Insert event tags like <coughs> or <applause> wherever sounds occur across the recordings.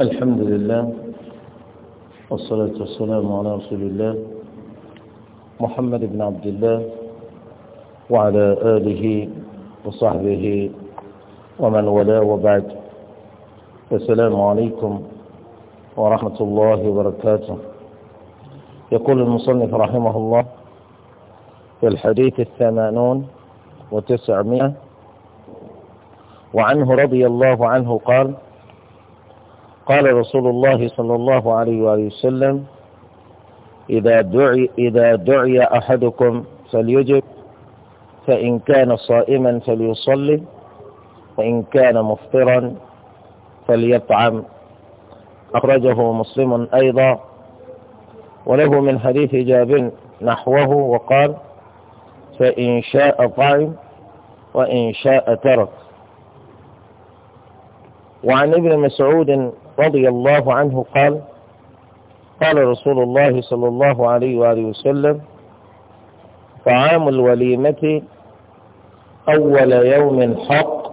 الحمد لله والصلاة والسلام على رسول الله محمد بن عبد الله وعلى آله وصحبه ومن والاه وبعد السلام عليكم ورحمة الله وبركاته يقول المصنف رحمه الله في الحديث الثمانون وتسعمائة وعنه رضي الله عنه قال قال رسول الله صلى الله عليه وآله وسلم إذا دعي, إذا دعي أحدكم فليجب فإن كان صائما فليصلي وإن كان مفطرا فليطعم أخرجه مسلم أيضا وله من حديث جابر نحوه وقال فإن شاء طعم وإن شاء ترك وعن ابن مسعود رضي الله عنه قال قال رسول الله صلى الله عليه وآله وسلم طعام الوليمة أول يوم حق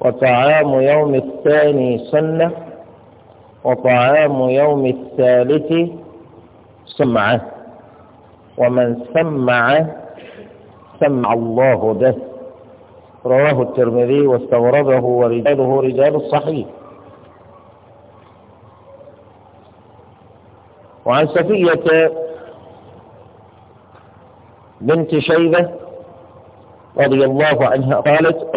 وطعام يوم الثاني سنة وطعام يوم الثالث سمعة ومن سمع سمع الله به رواه الترمذي واستورده ورجاله رجال الصحيح وعن سفية بنت شيبة رضي الله عنها قالت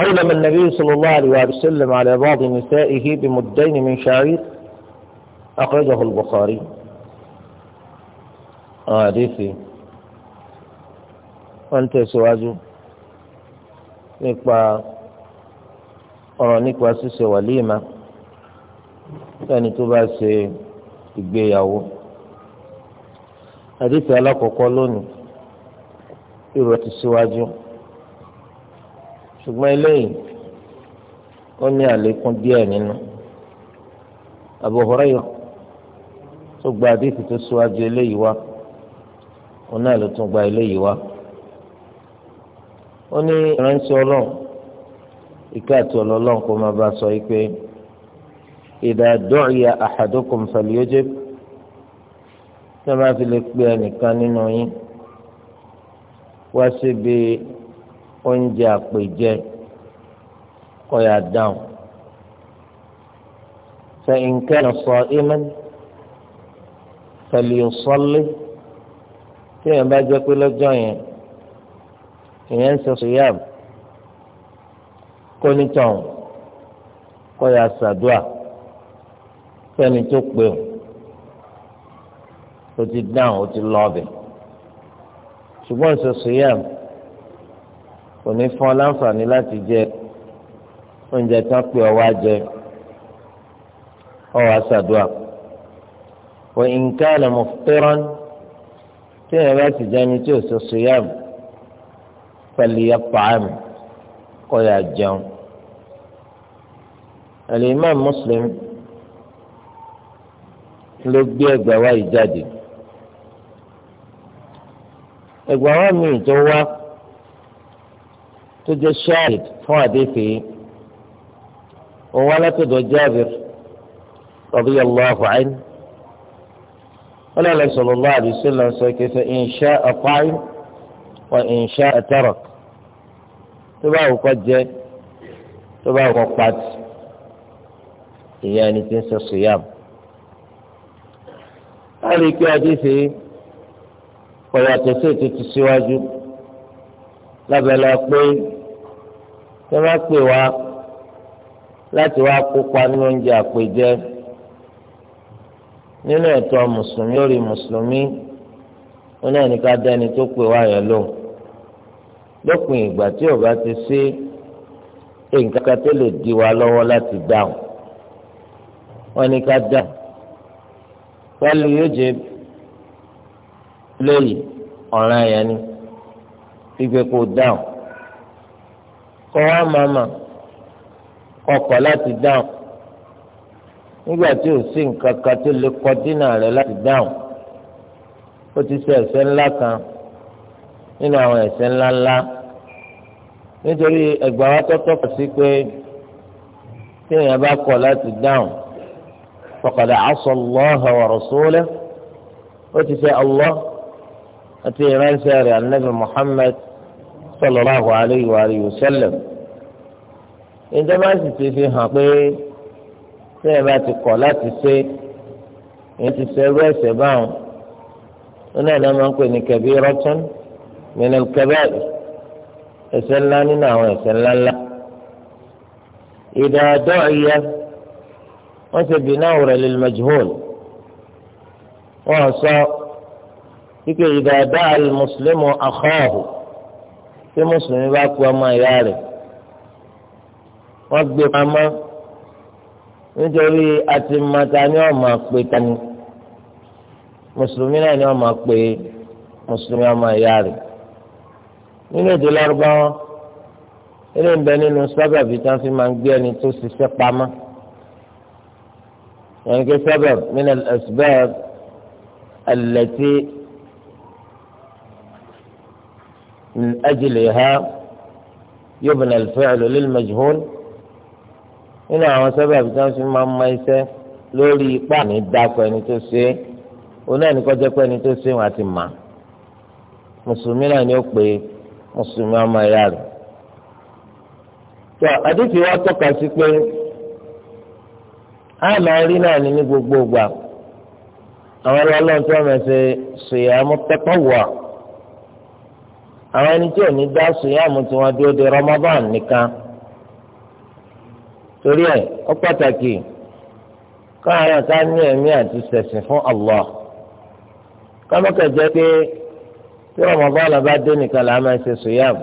أولم النبي صلى الله عليه وسلم على بعض نسائه بمدين من شعير أخرجه البخاري آه wọ́n ń tẹ̀síwájú nípa ọ̀rọ̀ nípa ṣíṣe wàlíìmá lẹ́ni tó bá ṣe ìgbéyàwó àdìsí alákọ̀ọ́kọ́ lónìí ìrọ̀ ti síwájú ṣùgbọ́n eléyìí ó ní àlékún díẹ̀ nínú Abu tó gba àdìsí tó síwájú eléyìí wá òun náà ló tún gba eléyìí wá ó ní ìrántí ọlọ́run ìka àti ọlọ́run kó máa bá sọ pé idha du'iya ahadukum falyujib tí wọ́n bá fi lè pe ẹnìkan nínú yín wá síbi oúnjẹ àpèjẹ kó yá dáhùn fa in kana sa'iman falyusalli tí wọ́n bá jẹ́ pé lọ́jọ́ yẹn ìyẹn ń sọ sùyàm kó nítàn kó yà sàdúà fẹ́ni tó pè ó ó ti dáhùn ó ti lọ ọbẹ̀ ṣùgbọ́n ìsọ sùyàm kò ní fún ọ láǹfààní láti jẹ oúnjẹ tán pé ọ wá jẹ ọ wá sàdúà wọ nǹkan àlọ́ mọ̀fẹ́rán tí ìyẹn bá ti jẹ́ ẹni tí ò sọ sùyàm. فليطعم قيا الجون الإمام مسلم ló gbé ẹgbẹ́ wa yìí jáde ẹgbẹ́ wa míì tó wá tó jẹ́ ṣáàlìd fún àdéfé òun wá látọ̀dọ̀ jábìr radiyallahu anhu wọn lọ sọ̀rọ̀ lọ́wọ́ àdìsí lọ́sọ̀ kẹsẹ̀ ìṣe ọ̀pá wa in sha'a tarak tó bá wù kó jẹ tó bá wù kó pati ìyá ẹni tí ń sọ sùyàm. láti kí adéṣe pọ̀yàtọ̀ sí ètò ti síwájú lábẹ́lẹ́ pé tí wọ́n pè wá láti wá kópa nínú oúnjẹ àpèjẹ nínú ẹ̀tọ́ mùsùlùmí lórí mùsùlùmí ó náà ní ká dẹ́ni tó pè wá yẹn lóhùn lópin ìgbà tí ó bá ti ṣe nǹkan kan tó lè di wa lọ́wọ́ láti dáhùn wọ́n ní ká dáhùn pẹ̀lú yóò jẹ léyìí ọ̀ràn yẹn ni fífi kó dáhùn kọ́ wá màmá kọkọ̀ láti dáhùn nígbà tí ò sí nǹkan kan tó lè kọ́ dínà rẹ̀ láti dáhùn ó ti ṣe ẹ̀ṣẹ̀ ńlá kan nínú àwọn ẹ̀ṣẹ̀ ńláńlá nítorí ẹgbàá wa tọ́tọ́ kọ̀ sí pé tí èèyàn bá kọ̀ láti dáhùn faqad asa Allaha wa rasulahu ó ti ṣe Allah àti ìránṣẹ́ rẹ̀ anabi Muhammad sallallahu alayhi wa alihi wa sallam ìjọba sì ti fi hàn pé tí èèyàn bá ti kọ̀ láti ṣe èèyàn ti ṣe ẹrú ẹ̀ṣẹ̀ báwọn ó náà ní wọ́n máa ń pè ní kabiratan. من الكبائر ẹ̀ṣẹ̀ nínú àwọn ẹ̀ṣẹ̀ ńláńlá إذا دعي wọ́n ṣe bìnnáwó rẹ̀ للمجهول wọ́n sọ kíkẹ́ إذا دعا المسلم أخاه tí mùsùlùmí bá kú ọmọ ìyá rẹ̀ wọ́n gbé pamọ́ nítorí àti mata ni wọ́n máa pe tani mùsùlùmí náà ni wọ́n máa pe mùsùlùmí ọmọ ìyá rẹ̀ nínú èdè lárúbáwá ilé ń bẹ nínú sábàbí tí wọ́n fi máa ń gbé ẹni tó ṣiṣẹ́ pamọ́ ẹnìké sábàb min al-asbab allati min ajliha yubna al-fi'lu lil-majhul nínú àwọn sábàbí tí wọ́n fi máa ń mọ iṣẹ́ lórí ipá ní dákọ̀ ẹni tó ṣe é onáà ní kọjá pé ẹni tó ṣe wọn àti mà mùsùlùmí náà ni ó pè é. mùsùlùmí ọmọ ẹ̀yà rẹ̀. tó àdìsí wa tọ́ka sí pé a máa rí náà ní ní gbogbo ìgbà àwọn ọlọ́run tó máa ṣe sùyàmù taqwa àwọn ẹni tí ò ní dá sùyàmù tí wọ́n dúró de Ramadan nìkan torí ẹ̀ ó pàtàkì káwọn àti ní ẹ̀mí àti ṣẹ̀sìn fún Allah kọ́mọ́kà jẹ́ pé. tí rọmọbọ́ọ̀nù bá dé nìkan là á máa ṣe sùyàm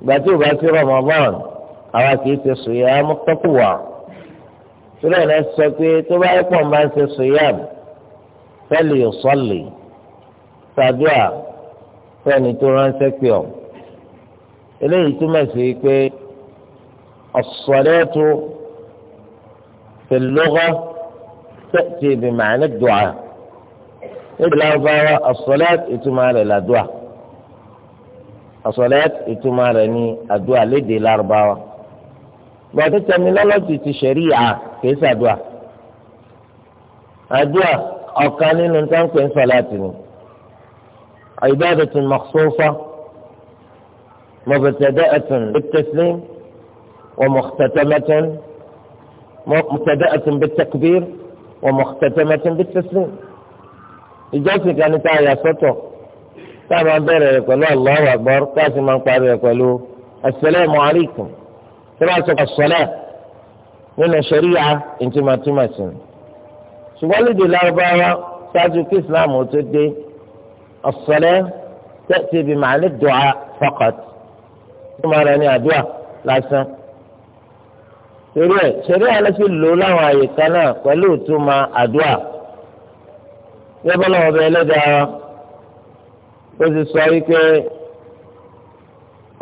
ìgbà tí ò bá sí rọmọbọ́ọ̀nù àwa kì í ṣe sùyàm tọ́kùwà sílẹ̀ náà sọ pé tó bá yẹ pọ̀ máa ṣe sùyàm fẹ́lì òsọ́lì sàdúà fẹ́ni tó ránṣẹ́ pé ọ̀ eléyìí túmọ̀ sí pé ọ̀sọ̀lẹ́tù fil lugha tẹ̀sí bìmọ̀ níbi lárúbáwá asọ́láàt ìtumọ̀ rẹ̀ làdúà asọ́láàt ìtumọ̀ rẹ̀ ní àdúà lédè lárúbáwá gbàdé tẹminọ́lọ́jì ti ṣẹ̀ríyà kìí ṣàdúà àdúà ọ̀kan nínú táǹpẹ̀ ń sọ̀láàtì ni ìbádàtun makhsusa mubtada'atun bit-taslim wa mukhtatamatun mubtada'atun bit-takbir wa mukhtatamatun bit-taslim. ìjọsìn kan ní táyà sọ́tọ̀ táà máa bẹ̀rẹ̀ rẹ̀ pẹ̀lú Allahu Akbar táà sì máa parí rẹ̀ pẹ̀lú asalaamu alaykum tí wọ́n sọ asọ́lá nínú sẹ́ríà ìtìmọ̀tìmọ̀sì ṣùgbọ́n lédè lárúbáwá ṣáájú kí islam ó tó dé asọ́lá tẹ̀sí bí màálí dùá faqat tí wọ́n rẹ̀ ní àdúrà lásán torí ẹ̀ sẹ́ríà lọ́sí lò láwọn àyè kan náà pẹ̀lú ìtumọ̀ àdúrà. lọ́bọ̀lọ́ ọbẹ̀ ẹlẹ́dàá ó ti sọ wípé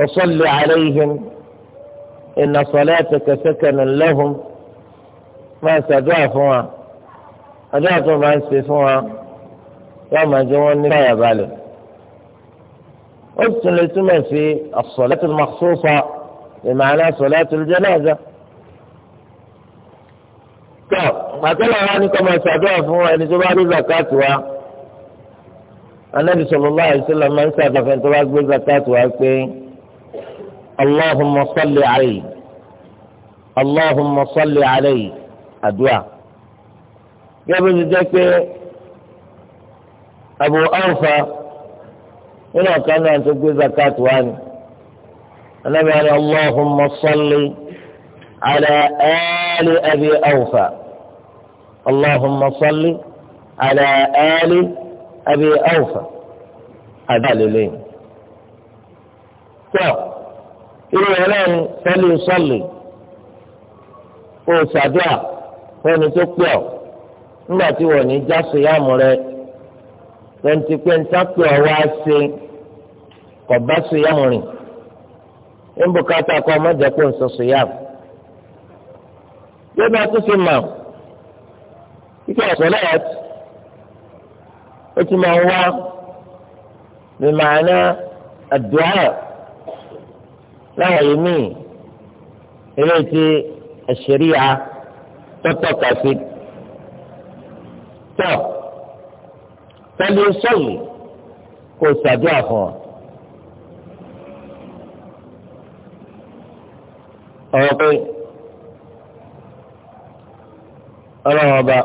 ọ̀sọ́lẹ̀ àlẹ́yìn ẹnà sọ̀lẹ́ àtẹ̀kẹsẹ́kẹ̀nù lẹ́hùn máa ṣàdúrà fún wa àdúrà tó máa ń ṣe fún wa yóò máa jẹ́ wọ́n ní báyà balẹ̀. ó ti tún lè túmọ̀ sí ọ̀sọ̀lẹ́ tó máa sọ fún wa ìmọ̀ àná sọ̀lẹ́ tó lè jẹ́ náà pàtẹ́lẹ̀ wa ni kò máa ṣàdúrà fún ẹni tó bá rí zakat wa anabi sallallahu alaihi wasallam máa ń ṣàdúrà fún ẹni tó bá gbé zakat wa pé allahumma salli alayhi allahumma salli alayhi àdúrà gẹ́gẹ́ bí jẹ́ pé abu awfa nínú ọ̀kan náà tó gbé zakat wa ni anabi wa allahumma salli ala ali abi awfa. اللهم صل على آل أبي أوفى هذا للين إلى الآن فليصلي وسبع ونتقيا nígbà tí wọn ní já sèyàmù rẹ pẹ̀ntì pẹ̀ntà pé ọwọ́ á ṣe kọ̀ bá sèyàmù rìn níbùkátà kọ́ ọmọdé kò ń sọ sèyàmù. yóò bá tún fi mọ̀ ike ọ̀sọ̀lẹ̀ ó ti máa ń wá ní màánà àdúrà láwọn yìí míì eléyìí ti àṣíríà tọ́tọ́ kàfi tọ́ pẹ̀lú sọ́ọ̀lì kò ṣàdúrà fún ọ̀rọ̀ pé ọlọ́run ọba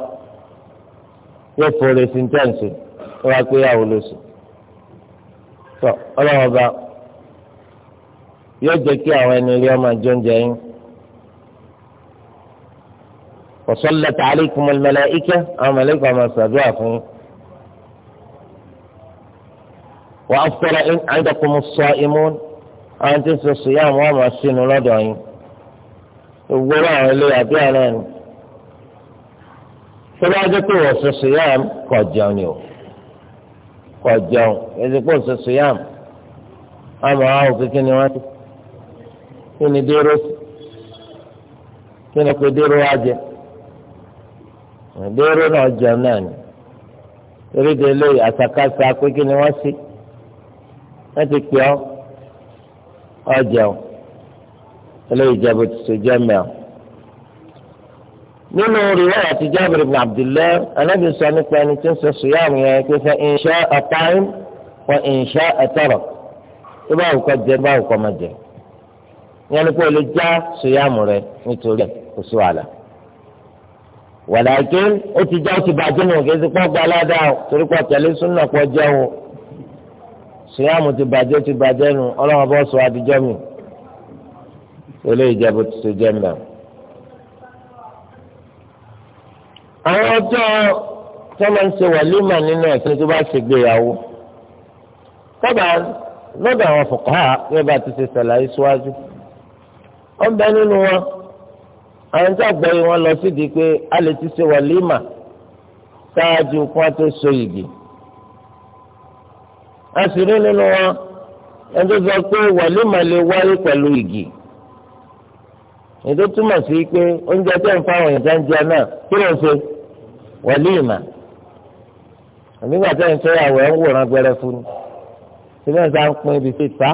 yóò fòrè sí tẹ́ǹsì ó wá pé àwọn olóṣù tó ọlọ́wọ́ bá yóò jẹ́ kí àwọn ẹni rí ọmọ àjọ oúnjẹ yín وصلت عليكم الملائكة أو ملائكة ما سبعكم وأفطر عندكم الصائمون أن تنسوا الصيام وما السن لدعين وقالوا لي أبيعنا tó bá jẹ́ pé wọ́n ṣoṣo yàm kọ̀ jẹun ni o kọ̀ jẹun ezekpo ṣoṣo yàm àmọ́ àwọn kékeré ni wọ́n ti kí ni dérò kí ni pé dérò wá jẹ dérò náà jẹun náà ni torí de lóye àtàkàtà pé kí ni wọ́n ṣe wọ́n ti pè ọ́ ọ jẹun eléyìí jẹ́ bó ti ṣe jẹ́ mẹ́ọ̀ nínú rìwáyà àti Jábìrì ibn Abdullah anábì sọ nípa ẹni tí ń sọ sùyàmù yẹn pé fẹ́ ìṣá ọ̀páyín wọ ìṣá ẹ̀tọ́rọ̀ tó bá òkọ jẹ bá òkọ má jẹ ìyẹn ni pé o lè já sùyàmù rẹ nítorí ẹ kò sí wàhálà wàlàkì ó ti já ó ti bàjẹ́ nù kí ẹ ti pọ́ gba aládàá torí pọ̀ tẹ̀lé súnà pọ̀ jẹun sùyàmù ti bàjẹ́ ti bàjẹ́ nù ọlọ́run bọ́ sọ adijọ́ mi eléyìí jẹ́ bó ti àwọn ọjọ́ tó máa ń ṣe wàlímà nínú ẹ̀sìn tó bá ṣe gbéyàwó kọ́dà lọ́dọ̀ àwọn fòkàá yẹn bá ti ṣe ṣàlàyé síwájú wọ́n bẹ nínú wọn àwọn tí àgbẹ̀ yìí lọ sídìí pé a lè ti ṣe wàlímà ṣáájú kí wọ́n tó so a sì rí nínú wọn ẹni tó sọ pé wàlímà lè wáyé pẹ̀lú ìgì ètò túmọ̀ sí pé oúnjẹ tẹ̀ ń fáwọn èèyàn jẹ́ náà kí ló ń ṣe wàlíìmà nígbà tẹ̀ ń fẹ́yàwó ẹ̀ ń wòran gbẹrẹ fún un síbẹ̀ ń sá ń pín ibi síta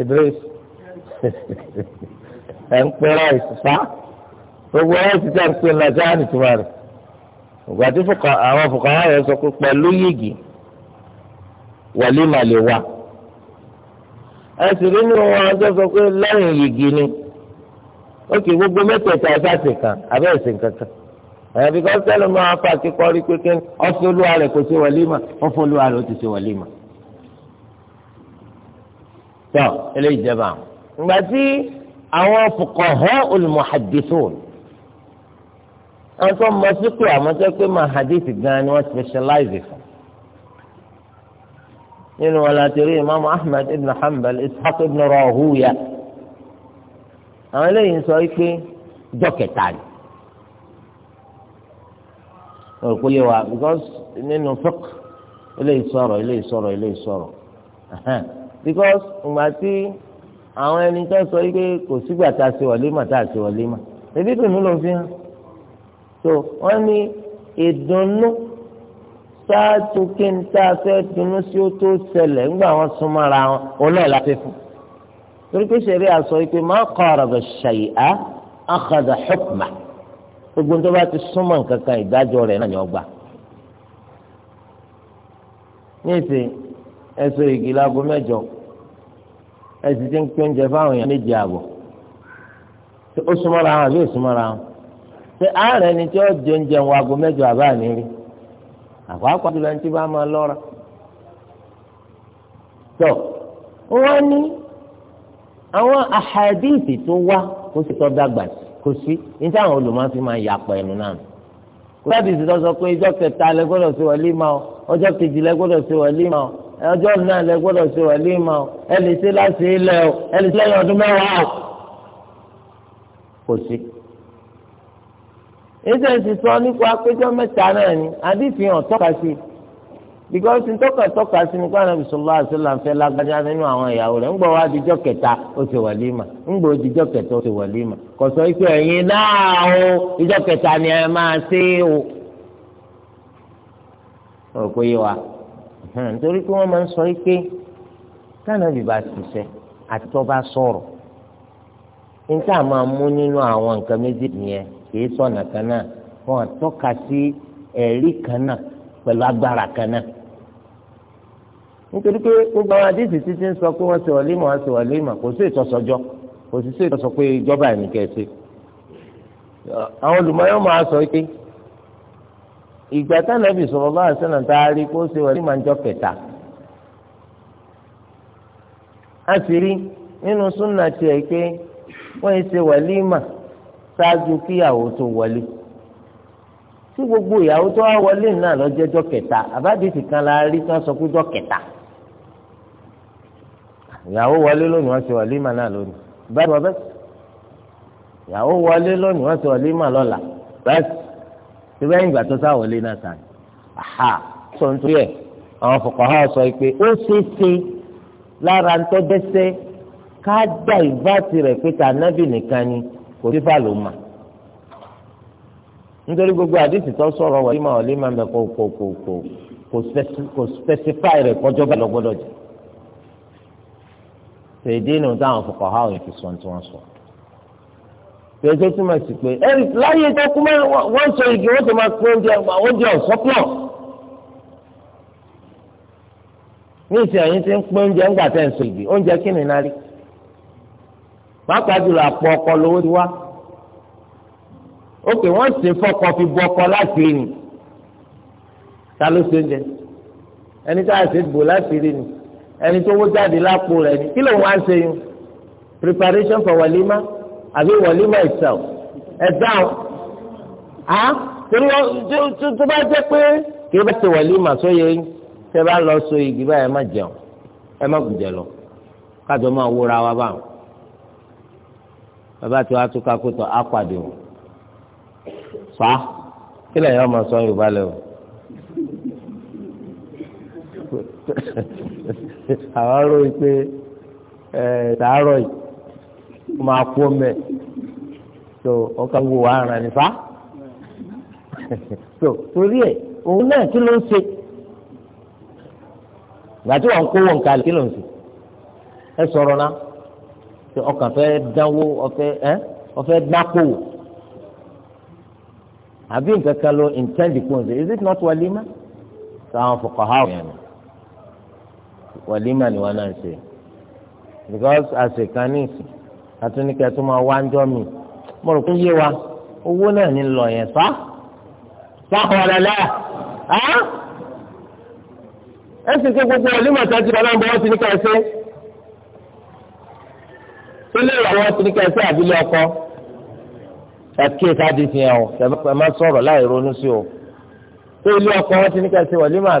Idris <laughs> ẹ̀ ń pín ráìsì sá gbogbo ráìsì tẹ̀ ń pín náà sáà nìtúmọ̀ rẹ̀ ìgbà tí àwọn fòkàrà yẹn sọ pé pẹ̀lú yìgì wàlíìmà lè wà ẹ̀ sì rí nínú wọn tó sọ pé lẹ́yìn yìgì ni ókè gbogbo mẹ́tẹ̀ẹ̀ta ẹ̀fáàsì kan abẹ́ ẹ̀sìn kankan ẹ̀yìn bí kọ́sítẹ́ ló máa fa kíkọ́ rí pé ọ̀fẹ́ olúwa rẹ̀ kò sí wàlímà ọ̀fẹ́ olúwa rẹ̀ ó ti sí wàlímà. tọ́ eléyìí jẹba ìgbà tí àwọn fuqaha al-muhaddithun àwọn tó mọ sípò àmọ́ tẹ́ pé máa hadithi gan ni wọ́n specialize fún nínú wọn láti rí imaamu ahmed ibn hanbal ishaq ibn rahuya àwọn eléyìí ń sọ wípé jọ́ kẹta ni ọ̀rọ̀ kò yé wa because nínú fúk eléyìí sọ̀rọ̀ eléyìí sọ̀rọ̀ eléyìí sọ̀rọ̀ because ìgbà tí àwọn ẹni tó sọ wípé kò sígbà tá a ṣe wàlímà tá a ṣe wàlímà ẹbí dùnú ló fi hàn so wọ́n ní ìdùnnú ṣáájú kí n tá a fẹ́ dùnnú sí ó tó ṣẹlẹ̀ ńgbà wọn súnmọ́ra wọn ọlọ́ọ̀la ti fún un. torí a sẹ̀rí àsọ yìí pé máa kọ́ ọ̀rọ̀ ṣàyè á àkàdà ṣọ́pùmà gbogbo tó bá ti nǹkan kan náà ni ọgbà. ẹsọ láago ẹsì ti ń pín oúnjẹ fáwọn èèyàn méje ó súnmọ́ra àbí ó súnmọ́ra ṣé ni tí ó jẹ oúnjẹ wọn aago àbá mi rí tí bá máa lọ́ra. tó wọ́n ní. àwọn àhàdíìsì tó wá kó sì tọ́ dàgbà kó sí ní táwọn olùmọ̀ fi máa yà pọ̀ ẹnu náà kó sábìsì tó sọ pé ọjọ́ kẹta lẹ gbọ́dọ̀ ṣe wàlímà o ọjọ́ kejì lẹ gbọ́dọ̀ ṣe wàlímà o ọjọ́ náà lẹ gbọ́dọ̀ ṣe wàlímà o ẹ lè ṣe láti ilẹ̀ o ẹ lè lẹ́yìn ọdún mẹ́wàá o kò sí. èsì ẹ̀sìn sọ nípa péjọ mẹ́ta náà ni àdìsí hàn tọ́ka sí i. because ntọ́ka tọ́ka sí ni kó anabi sọlá àṣìlá n'inu lágbájá nínú àwọn ìyàwó rẹ̀ ńgbọ́ wa dijọ́ kẹta ó ti wàlímà ńgbọ́ dijọ́ kẹta ó ti o dijọ́ kẹta ni ẹ máa ṣe o. ó pé yé wa nítorí pé wọ́n máa ń sọ pé bá àti bá sọ̀rọ̀ níta máa mú nínú àwọn nǹkan méjì kì í nítorí pé gbogbo àwọn àdìsí títí ń sọ pé wọ́n ṣe wàlímà wọ́n ṣe wàlímà kò sí ìtọ́sọjọ́ kò sí sí ìtọ́sọ pé ìjọba sọ pé ìgbà sọ̀rọ̀ bá a rí kó ṣe wàlímà a sì rí nínú súnà tiẹ̀ pé wọ́n ṣe wàlímà ṣáájú kíyàwó tó wọlé tí gbogbo ìyàwó tó wá wọlé náà kẹta àbádìsí kan la rí sọ pé ìyàwó wọlé lónìí wọ́n ṣe wàlímà náà lónìí bẹ́ẹ̀ wọ́n bẹ́ẹ̀ ìyàwó wọlé lónìí wọ́n ṣe wàlímà lọ́la bẹ́ẹ̀ ṣe bẹ́ẹ̀ ìgbà tó sá wọlé náà tàn áhà sọ nítorí ẹ̀ àwọn fòkànhá sọ pé ó ṣeé ṣe lára ń tọ́ dẹ́sẹ́ ká dá ìbáàtì rẹ̀ pé tànábì nìkan ni kò sí fàlù mà nítorí gbogbo àdìsí tó sọ̀rọ̀ wàlímà wàlímà mẹ́ kò kò kò kò specify rẹ̀ kọjọ́ bá lọ́gbọ́dọ̀ jẹ́ ṣèdí nù táwọn fọkọ ha òye fi sọ̀n tí wọ́n sọ. ṣèdí túmọ̀ sí pé ẹ láyé tó kú mọ́ wọ́n sọ igi wọ́n tó máa pín oúnjẹ oúnjẹ ọ̀sọ́pọ̀. ní ìsìn àyín ti ń pín oúnjẹ ńgbà tẹ̀ ń sọ igi oúnjẹ kí ni náà rí. pàápàá jùlọ àpò ọkọ lówó ti wá. ókè wọ́n sì fọkọ fi bu ọkọ láti rìn. ta ló ṣe oúnjẹ ẹni tá a ṣe bò láti rìn ni ẹni tó wó jáde lápò rẹ̀ ni kí ló ń wá ṣe yun preparation for wàlímà àbí wàlímà itself ẹ dáhùn á torí tó bá jẹ́ pé kí ẹ bá ṣe wàlímà sóye yín tẹ́ bá lọ so igi báyìí ẹ má jẹun ẹ má gùjẹ lọ kájọ máa wúra wa báwọn bàbá tí wàá tún kakótó apàdé o fa kí lẹ́yìn ọmọ sọ yorùbá lẹ o àwọn arò yìí pé ẹ̀ yìí wọ́n máa kú mẹ́ so ọkà wo wà á ràn nípa so torí ẹ̀ òun náà kí ló ń ṣe gbàtí wọn kó wọn kalẹ̀ kí ló ń ṣe ẹ sọ̀rọ̀ náà tí ọkàn fẹ́ dánwó ọfẹ́ ẹ́ ọfẹ́ dákò àbí nǹkan kan ló intend kún un ṣe is it not walima? sọ àwọn fọkàn ha ọ̀yàn wàlímà ni wọn náà ṣe because àṣekàn ní ìsìn àtúnikẹ́ tó máa wá ń jọ́ mi mo rò pé yé wa owó náà ní lọ yẹn fa fàkọọ̀lẹ́lẹ́ ẹ sì ṣe gbogbo wàlímà tó ti dáná bọ́ ọ́ sí ní kẹsẹ́ sílé ìyàwó ọ́ sí ní kẹsẹ́ àbílẹ̀ ọkọ ẹkí káàdì fi hàn ọ ẹ má sọ̀rọ̀ láì ronú sí o ilé ọkọ wọn ti ní ká ṣe wọlé máa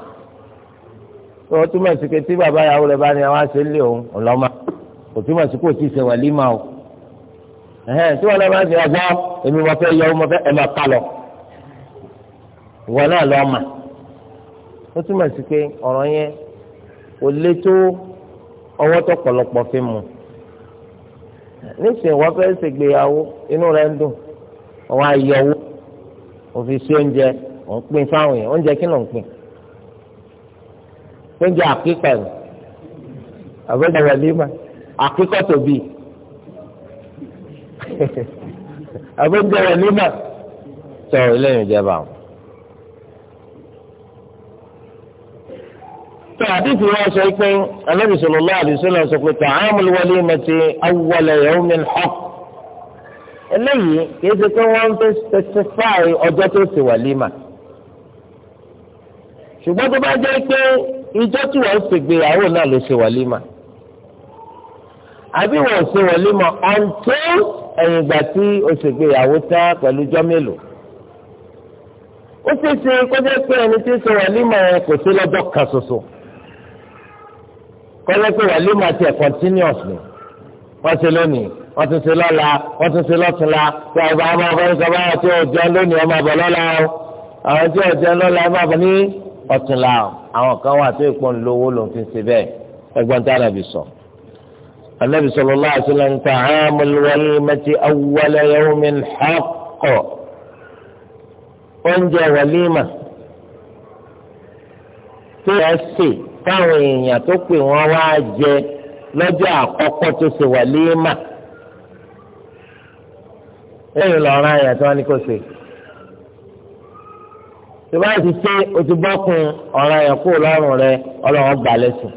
wọ́n túmọ̀ sí pé tí bàbá ìyàwó rẹ̀ bá ní àwọn àṣẹ ńlẹ̀ òun ọ̀lọ́mà kò túmọ̀ sí kò tí ì ṣe wàlímà o ẹ̀hẹ́n tí wọ́n náà máa ń ṣe ọgbọ́n èmi mo fẹ́ yọ ọmọ fẹ́ ẹ̀ máa kà lọ ìwọ náà lọ́ọ́ mà ó túmọ̀ sí pé ọ̀rọ̀ yẹn kò lé tó ọwọ́ tó pọ̀lọpọ̀ fi mu nísìnyí wọ́n fẹ́ ṣègbéyàwó inú rẹ̀ ń dùn ọwọ́ ayọ̀wó òfin sí oúnjẹ òun pín fáwọn yẹn oúnjẹ kí ló ń pín oúnjẹ àkíkọ̀ ni àbẹ̀dẹ wàlímà àkíkọ̀ tóbi àbẹ̀dẹ wàlímà tọ eléyìí jẹba o. tó àdìsí wọn sọ pé Ànábì sallallahu alaihi wasallam sọ pé ta'amul walimati awwala yawmin haqq eléyìí kìí ṣe pé wọ́n ń fẹ́ specify ọjọ́ tó ṣe wàlímà ṣùgbọ́n tó bá jẹ́ pé ìjọ tí wọ́n ṣègbéyàwó náà ló ṣe wàlímà àbí wọ́n ṣe wàlímà until ẹ̀yìn ìgbà tí o ṣègbéyàwó tá pẹ̀lú jọ́ mélòó ó ṣe ṣe kọjá pé ẹni tí ń ṣe wàlímà yẹn kò sí lọ́jọ́ kan ṣoṣo kọjá pé wàlímà tiẹ̀ continuous ni wọ́n ṣe lónìí wọ́n tún ṣe lọ́la wọ́n tún ṣe lọ́túnla tí àwọn ọmọ ọmọ ọmọ ọmọ tí ò lónìí ọmọ ọmọ lọ́la o àwọn tí ò lọ́la ọmọ ọmọ ní ọ̀túnla àwọn kan wà tó ìpọ́n lówó ló ń fi ṣe bẹ́ẹ̀ ẹgbọ́n tá ànàbì sọ. ànàbì sallallahu alaihi wasallam ta'amul walimati awwala yawmin haqq oúnjẹ wàlímà tó yẹ sè táwọn èèyàn tó pè wọ́n wá jẹ lọ́jọ́ àkọ́kọ́ tó ṣe wàlímà lẹ́yìn lọ́ọ́rọ́ àyàn tí wọ́n ṣe tó bá ti ṣe o ti bọ́kun ọ̀ràn yẹn kó lọ́rùn rẹ ọlọ́run gbà lẹ́sìn.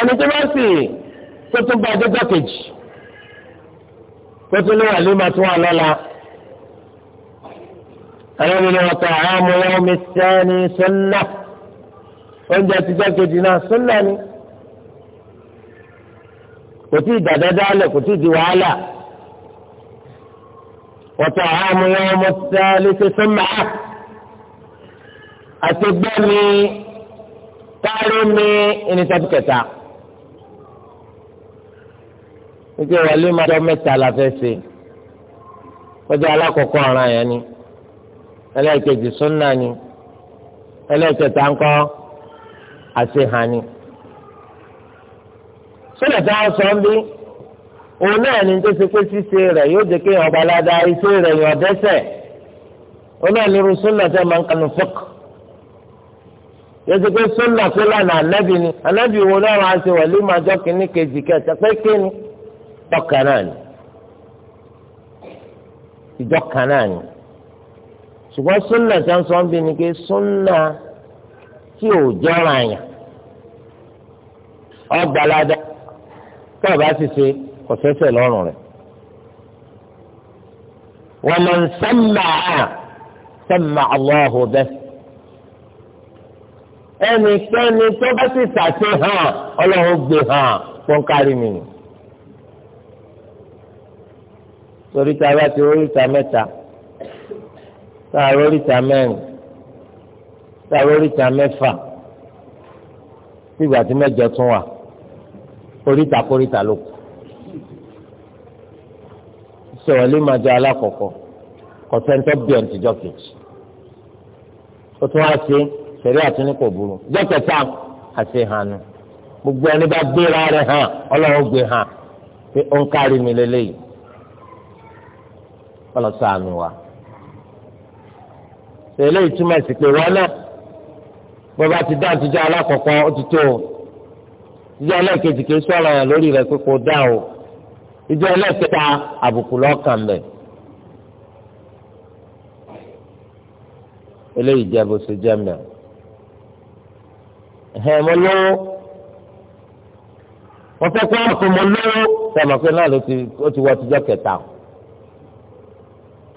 ẹni tó bá sì tó tún bá dọ́jọ́ kejì tó tún ní wàlúùmá tó wà lọ́la àwọn ènìyàn ọ̀tọ̀ àwọn ọmọ mi sẹ́ni sọ́nà oúnjẹ tíjọ́ kejì náà sọ́nà ni kò tí ì dàdá dálẹ̀ kò tí ì di wàhálà. وطعام يوم الثالث سمعة أتبني تعلمي إن تبكتا ike wàlẹ́ máa jọ mẹ́ta la fẹ́ ṣe kọjá alákọ̀ọ́kọ́ ọ̀ràn yẹn ni ẹlẹ́ẹ̀kejì súnà ni ẹlẹ́ẹ̀kẹta ńkọ́ àṣehàn ni. sọ́dọ̀ táwọn sọ ń bí òun náà ni tó ṣe pé ṣíṣe rẹ̀ yóò jẹ́ kéèyàn ọba ládàá iṣẹ́ rẹ̀ yàn dẹ́sẹ̀ òun náà ni irú súnà tẹ́ máa ń kanu fọ́k yóò ṣe pé súnà tó lànà ànábì ni ànábì wo náà wàá ṣe wà lóun àjọ kìíní kejì kẹta pé kíni tọ́ka náà ni ìjọ náà ni ṣùgbọ́n súnà tí wọ́n sọ ń bí ni pé súnà tí ò jọra yàn ọgbàládà tó o bá ti ṣe kò sẹ́sẹ̀ lọ́rùn rẹ̀. wa man samma'a samma'a Allahu bihi ẹnikẹ́ni tó bá sì tàṣe hàn ọlọ́run gbé hàn kó ń kárí mi. torí ta bá ti oríta mẹ́ta tá a róríta mẹ́rin tá a róríta mẹ́fà sígbà tí mẹ́jọ tún wà oríta kóríta ló kù. sọ̀rọ̀ lè máa jẹ alákọ̀ọ́kọ́ kọ̀tẹ́ńtọ́ bí ọ̀n tìjọ́ kejì tún wá sí sẹ̀rí àtúní kò burú àti gbogbo ẹni bá gbéra rẹ̀ hàn ọlọ́run gbé hàn pé ó ń kárí mi wa sí pé náà bó bá ti dá àtijọ́ ó o kì í sọ̀rọ̀ yàn lórí rẹ̀ pé o. ìjọ ẹlẹ́ẹ̀kẹta àbùkù lọ́ọ̀kan bẹ̀. eléyìí jẹ́ bó ṣe jẹ́ mẹ́rin. ẹ̀hẹ́n mo lówó wọ́n fẹ́ kó wọ́n fún mo lówó sọ̀rọ̀ pé náà ló ti wọ́ ọtijọ́ kẹta.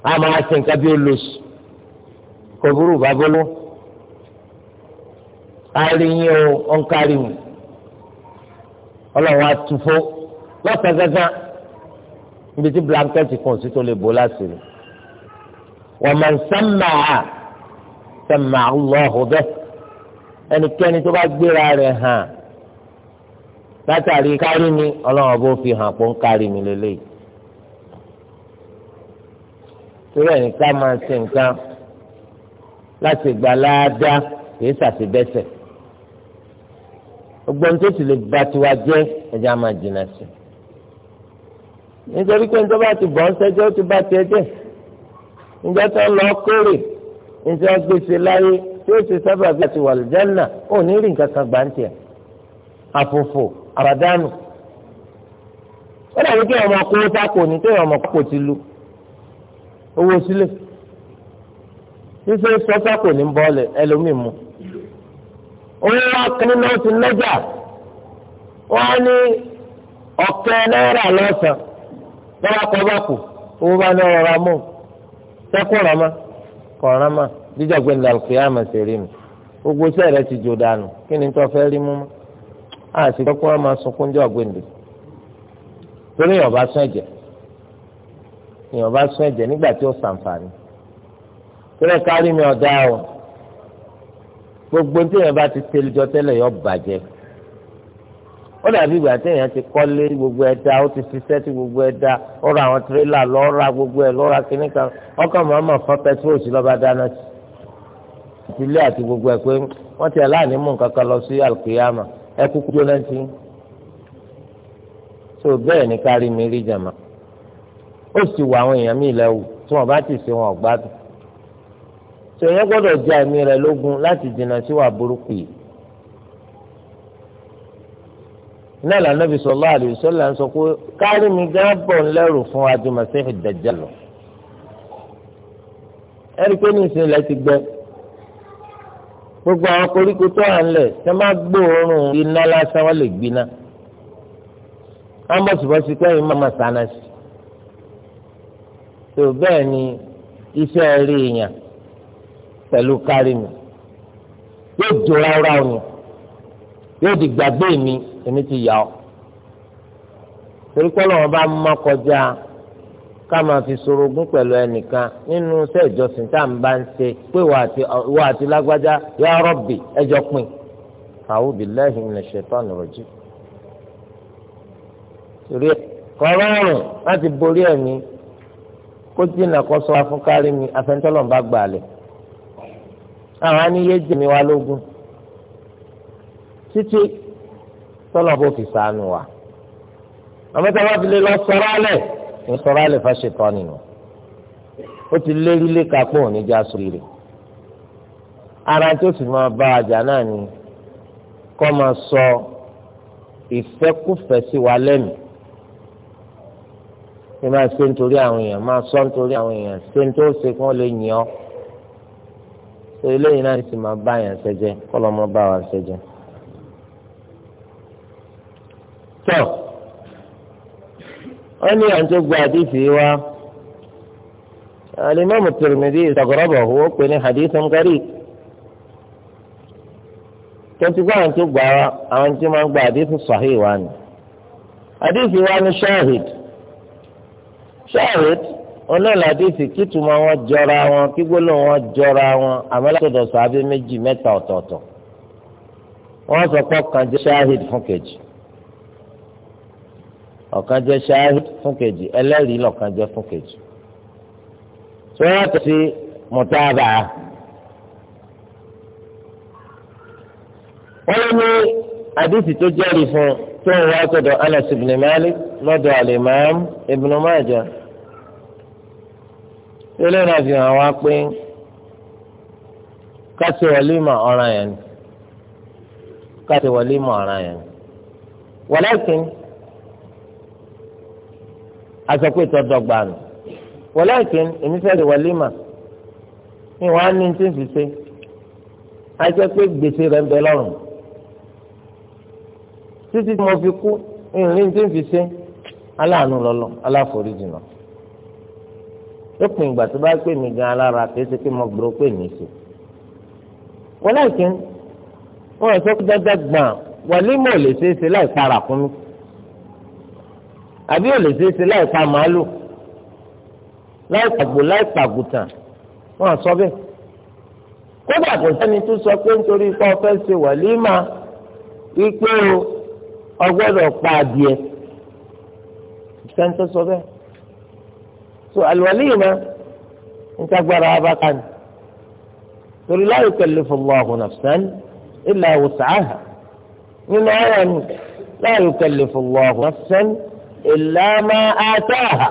a máa ṣe nǹkan bí olóṣù kò burú bàbá ló. a rí yín o ọ̀nkárí mi ọlọ́run á tu fó lọ́sàn gángan níbi tí blanketi kan sí tó lè bò láṣìírí wọn máa ń sẹ́mà á sẹ́mà ọlọ́hùn bẹ́ẹ̀ ẹnikẹ́ni tó bá gbéra rẹ̀ hàn látàrí kárí mi ọlọ́run bó fi hàn pé ń kárí mi lélẹ́yìí torí ẹ̀ nìkan máa ṣe nǹkan láti gbà láadáa kì í ṣàṣìbẹ́sẹ̀ gbogbo ohun tó ti lè bá tiwa jẹ́ ẹja máa jìnnà sí i nítorí pé nítorí àti bọ́ sẹ́jọ́ ti bá tiẹ̀ jẹ́ níjẹ́ tó ń lọ kórè níjẹ́ gbèsè láyé tí ó ti sábà bí àti wàlùjánà ò ní rí nǹkan kan gbà ń tiẹ̀ àfòfò àbàdánù ó dàbí kí ọmọ kó sáko ní kí ọmọ kó ti lu owó sílẹ̀ ṣíṣe sọ́sáko ní bọ́ọ̀lù ẹlòmíì mu òun wá kan nínú ọtí lọ́jà wọ́n á ní ọ̀kẹ́ náírà lọ́sàn-án bọ́lá kọ́ bá kù owó bá ní ọ̀rọ̀ amú sẹ́kù rama kọ̀ rama jíjà gbé nílò àlùkò yá màsí rí mi gbogbo sẹ́ẹ̀ rẹ ti jò dànù kí ni tó fẹ́ rí mú mọ́ a kọ́kọ́ wọn máa sunkún jọ gbèǹdè torí ìyọ̀bá sún ẹ̀jẹ̀ ìyọ̀bá sún ẹ̀jẹ̀ nígbà tí ó sàǹfààní tẹ́lẹ̀ kárí mi ọ̀dá o gbogbo tí ìyọ̀bá ti tẹ́lẹ̀ jọ tẹ́lẹ̀ yọ bàjẹ́ ó dàbí ìgbà téèyàn ti kọ́lé gbogbo ẹ̀ dá ó ti ṣiṣẹ́ tí gbogbo ẹ̀ dá ó ra àwọn tirẹ́là lọ ra gbogbo ẹ̀ lọ ra kínní kan ọkọ̀ màmá fọ́ pẹtrol sí lọ́ba dáná sí ilé àti gbogbo ẹ̀ pé wọ́n ti aláàní mú nǹkan kan lọ sí alùpùpù ẹ kúkú tó náà ti tó bẹ́ẹ̀ ní kárí mi rí jàmá ó sì wọ àwọn èèyàn mi lẹ́wù tí wọ́n bá ti ṣe wọn ọ̀gbádùn tòun yẹn gbọ́dọ̀ jẹ́ àmì rẹ̀ lógún láti dènà síwà burúkú yìí náà lànàbì sọlá àdìsọlá ń sọ pé kárí mi gán bọ̀ ń lẹ́rù fún adúmọ̀sẹ́fì dàjà lọ. ẹ̀rí pé ní ìsìn ilẹ̀ ti gbẹ gbogbo àwọn koríko tó wà nílẹ̀ tẹ́ máa gbóòórùn iná lásán wọ́n lè gbiná. wọ́n bọ̀ síbọ̀ sí pé sáná sí. tó bẹ́ẹ̀ ni iṣẹ́ rí èèyàn pẹ̀lú kárí mi yóò jó ráúráú yóò di gbàgbé mi èmi ti yà ọ́ torí pé ọlọ́run bá mọ́ kọjá ká máa fi sorogún pẹ̀lú ẹnìkan nínú iṣẹ́ ìjọsìn tá à ń bá ń ṣe pé ìwọ àti lágbájá yà rọ́bì ẹjọ́ pin a'udhu billahi minash shaitani rajim torí kọ́rọ́rùn láti borí ẹ̀mí kó dínà kó sọ afúnkárí mi afẹ́ńtọ́lọ́mbà gbàlẹ̀ àwọn aníyé jẹ̀mí wa lógún. títí tọ́lọ̀ bó fi sànù wa àmọ́ tí a bá fi lè lọ sọ̀rọ̀ alẹ̀ ní sọ̀rọ̀ alẹ̀ fàṣẹ tọ́ nínú ó ti lérí lé kápọ̀ oníjà sórí ara tó sì máa bá àjà náà ni kọ́ máa sọ ìfẹ́kùfẹ́ sí wa lẹ́nu ṣe máa ṣe nítorí àwọn èèyàn máa sọ nítorí àwọn èèyàn ṣe ní tó ṣe kí wọ́n lè yàn ọ́ eléyìí náà sì máa bá àyàn ṣẹjẹ kọ́ lọ́ mọ́ bá wa ṣẹjẹ. tọ́ wọ́n ní àǹtí gba àdìsí wa alimami Tirmidhi ìsọ̀gọ́rọ̀bọ̀ wọ́n pè ní hadithan gari tọ́tí gba àǹtí gba àwọn tí máa ń gba àdìsí sahih wa ni àdìsí wa ni shahid shahid onílà àdìsí kìtùmọ̀ wọn jọra wọn kígbóló wọn jọra wọn àmọ́ látọ̀dọ̀ sọ abẹ́ méjì mẹ́ta ọ̀tọ̀ọ̀tọ̀ wọ́n sọ pé ọ̀kan jẹ́ shahid fún kejì ọ̀kan jẹ́ ṣááhìd fún kejì ẹlẹ́rìí lọ́kan jẹ́ fún kejì tí wọ́n yàtọ̀ sí mọ̀tàbà wọ́n lé ní àdìsí tó jẹ́rìí fún tó ń wá sọ̀dọ̀ Anas ibn Malik lọ́dọ̀ alimam Ibn Majah ilé náà fi hàn wá pé kásì wàlímà ọ̀ràn yẹn kásì wàlímà ọ̀ràn yẹn walakin aṣọ pé ìtọ́ dọ́gba nù walakin èmi fẹ́ lè walima ní wàá ní tí ń fi ṣe aṣọ pé gbèsè rẹ̀ ń bẹ lọ́rùn títí tí mo fi kú ìrìn tí ń fi ṣe aláàánú lọ́lọ́ aláforíjì náà lópin ìgbà tó bá pè mí gan alára kìí pé mo gbòòrò pè mí sí walakin wọn ò sọ pé dáadáa gbọ̀n walima ò lè ṣeé ṣe láì para fún mi àbí ò lè ṣe é ṣe láì pa màálù láì pàgbò láì pàgùtàn wọn sọ bẹ́ẹ̀ kódà kò sẹ́ni tó sọ pé nítorí ikọ́ fẹ́ ṣe wàlímà wípé o ọgbọ́dọ̀ pa adìẹ sẹ́ni tó sọ bẹ́ẹ̀ so àlùwàlímà níta gbára wa bá ká ní torí la yukallifullahu nafsan illa wus'aha nínú ayọ̀ ni la yukallifullahu nafsan. ìlànà àtàhà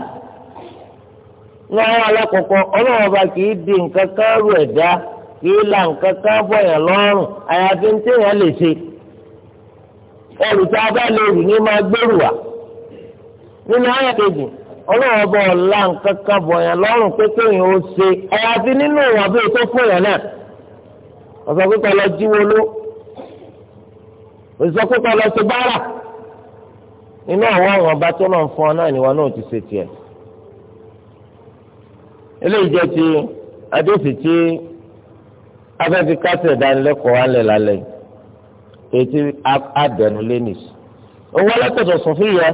ní àwọn alákọ̀ọ́kọ́ ọlọ́run ọba kì í di nǹkan kan rú ẹ̀dá kì í la nǹkan kan lọ́rùn àyàfi ní téèyàn lè ṣe ẹrù tí ní máa gbèrú wa nínú ayé kejì ọlọ́run ọ̀la nǹkan lọ́rùn nínú àwọn àwọn ọba tó náà fún ọ náà ni wọn náà ti ṣe tiẹ̀ eléyìí jẹ́ ti adéṣì tí afẹ́fi kásẹ̀ ìdánilẹ́kọ̀ọ́ alẹ́ lálẹ́ ètí àdẹ̀nu lẹ́nìs owó alátọ̀tọ̀ Sọfíyà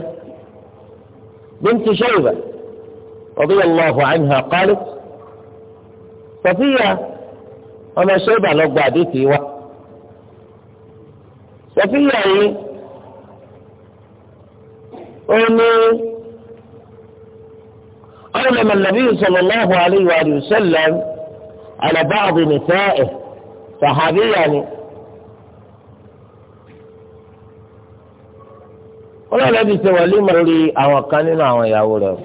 bintu Ṣaybah radiyallahu anha qalat Sọfíyà ọmọ Ṣaybah lọ́gbà àdéṣì wa Sọfíyà yìí. òní ọlọmọ nàbí sallallahu alayhi wa sallam ala ba'd nisa'ihi sàhábíyà ni. ọlọ́ọ̀lẹ́ ti ṣe wàlímà lórí àwọn kan nínú àwọn ìyàwó rẹ̀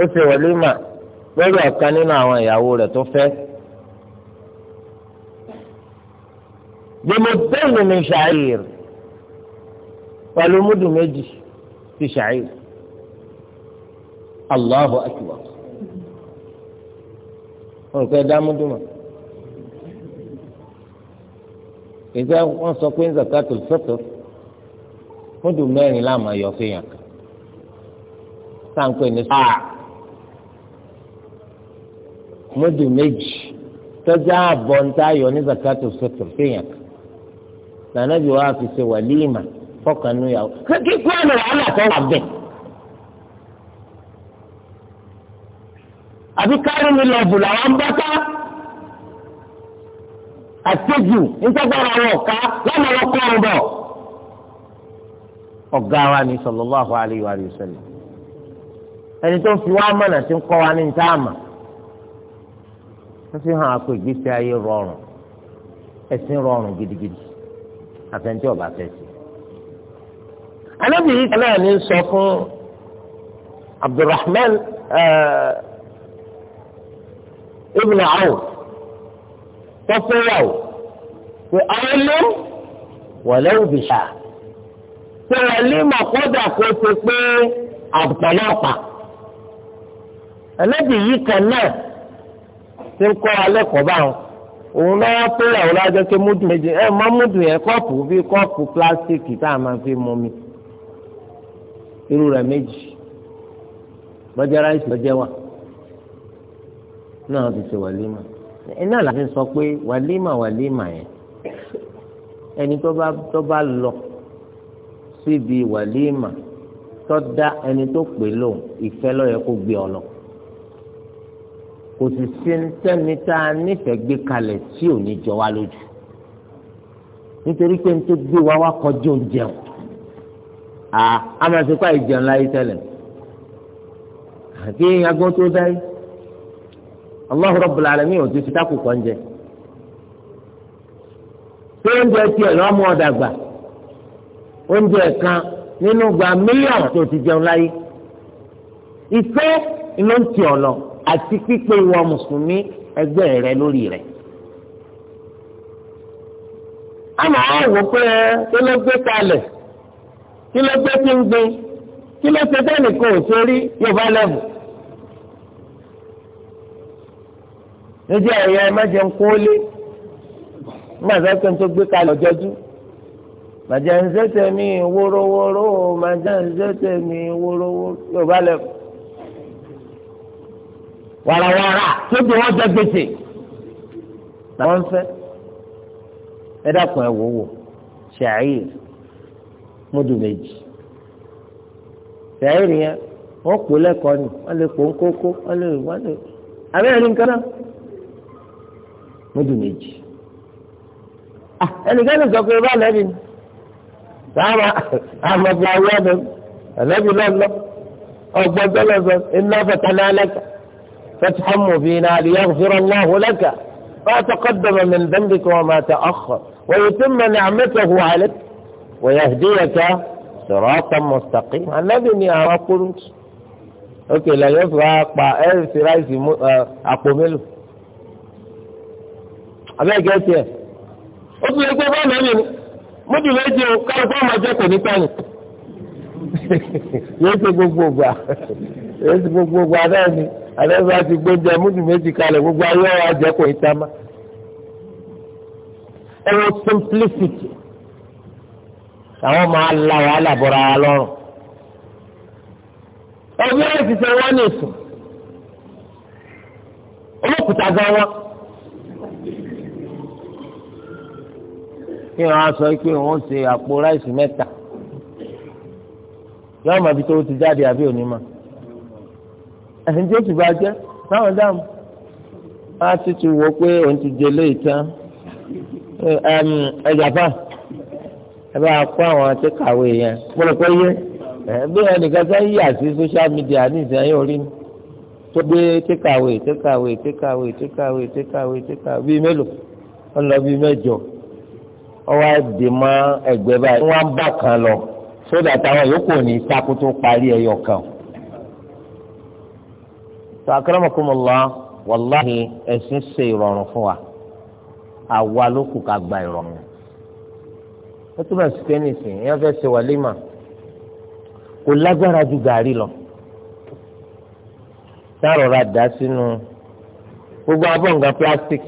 ó ṣe wàlímà lórí ọ̀kan nínú àwọn ìyàwó rẹ̀ tó fẹ́. gbẹmọdẹ́nu mi ṣàyẹ̀rù pẹ̀lú múdù méjì ti ṣàyè Allahu akbar wọn kò dá múdù mọ́ ìgbà wọn sọ pé zakatul fitr múdù mẹ́rin láàmú ayọ̀ fìyàn kan sáǹpẹ̀ ní sáà múdù méjì tọ́jà àbọ̀ ń tayọ̀ ní zakatul fitr kan nànàbí wàá fi ṣe wàlíìmà fọkàn nù yàwó kí kú àná wàhálà tó wà bẹ́ẹ̀. àbí kárí mi lọ́ọ̀bù làwọn ń bá ká àtẹ́jù nígbàgbọ́ra wọn ká lọ́nà wọn kọ́ ọ bọ̀. ọ̀gá wa ni sallallahu alaihi wa sallam ẹni tó fi wá mọ̀nà tí ń kọ́ wa ní níta àmà wọ́n fi hàn àpò ìgbésí ayé rọrùn ẹ̀sìn rọrùn gidigidi àfẹnjẹ́ ọ̀bà fẹ́ anábì yìí náà ní sọ fún abdulrahman ibn awf tọ́fẹ́yàwó pé àwọn ló wọlé òbíṣà pé wọlé mọ̀kọ́dà kó ti pé àpọ̀lọpà anábì yìí kan náà ti ń kọ́ alẹ́ kọ́ báwọn òun náà pé àwọn ọlọ́jọ́ pé múdù ẹ̀ mọ́ yẹn kọ́ọ̀pù bíi kọ́ọ̀pù pílásíìkì tá a máa fi mọ́ mi irú rẹ̀ méjì bọ́jà ráìsì bọ́jà wà náà fi ṣe wàlímà iná làfi sọ pé wàlímà wàlímà yẹn ẹni tó bá tó bá lọ síbi wàlímà tó dá ẹni tó pè lò ìfẹ́ lọ́yẹ kó gbé ọ lọ kò sì sí sẹ́ni tá a nífẹ̀ẹ́ gbé kalẹ̀ tí ò ní jọ wá lójú nítorí pé ní tó gbé wa wá kọjú oúnjẹ o A ama fi kó àìjẹun láyé tẹ́lẹ̀ àti agbọ́n tó dáyé Allahu rẹ Alamin ò ti fi dákò kọ́ pé oúnjẹ tiẹ̀ lọ́wọ́ mú oúnjẹ nínú gba mílíọ̀nù tó ti jẹun láyé ìfẹ́ ló ń tì ọ́ lọ àti pípé ìwọ mùsùlùmí rẹ lórí rẹ. àmọ́ àwọn òwò pé kí ló gbé tí ń gbin kí ló ṣe tẹ́nìkan ò sórí yorùbá lẹ́bù. níjẹ́ ẹ̀yà ẹ má jẹun kó lé nígbà tó ṣe ń tó gbé kalẹ̀ ọjọ́jú. màjá ń zẹ́tẹ̀ mi wórówóró màjá ń zẹ́tẹ̀ mi wórówóró yorùbá lẹ́bù. wàràwàrà tó ti wọ́n jẹ gbèsè làwọn ń fẹ́ ẹ dákun ẹ wò wò ṣàyè. mọ́dún méjì sẹ́yìn yẹn wọ́n pò lẹ́kọ̀ọ́ ni wọ́n lè pò ń kókó wọ́n lè wọ́n lè abẹ́rẹ́ ní nǹkan náà mọ́dù méjì ẹnìkan ní sọ pé bá lẹ́bi ni sáàmà àmọ̀gbà ọ̀dọ́ ni lẹ́bi oba lebi lọ ọgbọ́n sọ iná iná fẹ̀tẹ̀lẹ́ lẹ́kà fẹ̀tẹ̀hán mọ̀fin náà àdìyẹ fúnra náà hùlẹ́ka wọ́n ti kọ́ dọ̀mọ̀ mẹ́ndẹ́ndẹ́kọ̀ wọ́n máa ta ọ̀kọ̀ wọ́n yìí tún mẹ́ni àmẹ́tẹ̀ hù àlẹ́ka. ويهديك صراطا مستقيما النبي ni àwọn kúrúntù òkè lẹ́yìn fún apá ẹ̀rìsì ráìsì àpò mélòó abẹ́ẹ̀kẹ́ tiẹ̀ ó fi lè gbé bọ́ọ̀lù ẹ̀mí ni múdù méjì o káwọn fún ọmọ ọjọ́ kò ní tán <laughs> yóò ṣe gbogbo ògbà yóò ṣe gbogbo ògbà náà ni àdéhùn àti gbóúnjẹ múdù méjì kalẹ̀ gbogbo ayé ọ̀rọ̀ ajẹ́ kò ní tán má. ẹ̀rọ simplicity àwọn máa la wàhálà bọ̀ra wa lọ́rùn. ọ̀gbìn náà ti sọ wọ́n ní ìsùn olókùúta gan wọn. kí wọn á sọ pé wọn ṣe àpò ráìsì mẹ́ta yọ ọmọ ibi tó ti jáde àbí òní ma ẹ̀sìn tí ó ti bá jẹ́ táwọn dáàmú wọn á ti ti wọ pé òun ti jẹ léyìí tán ẹ̀ẹ́dàfà ẹ bá kó àwọn àti kàwé yẹn pọ̀lọpọ̀ yẹ bí ẹnìkan sẹ ń yà sí social media ní ìsẹyìn orí mi tó gbé tíkàwé tíkàwé tíkàwé tíkàwé tíkàwé tíkàwé bíi mélòó wọn lọ bíi mẹ́jọ ọwọ́ àdè mọ ẹgbẹ́ báyìí wọn bá kan lọ sódà táwọn yòókù ní sakoto parí ẹyọ kan sàkàràmọkùnmọlá wàláhì ẹsìn ṣe ìrọ̀rùn fún wa àwa ló kù ká gba ìrọ̀rùn ó túbọ̀ sí pé nìsín ìyẹn fẹ́ ṣe wàlímà kò lágbára ju gàrí lọ táàrọ̀ ra dá sínú gbogbo abọ́ǹgà plastic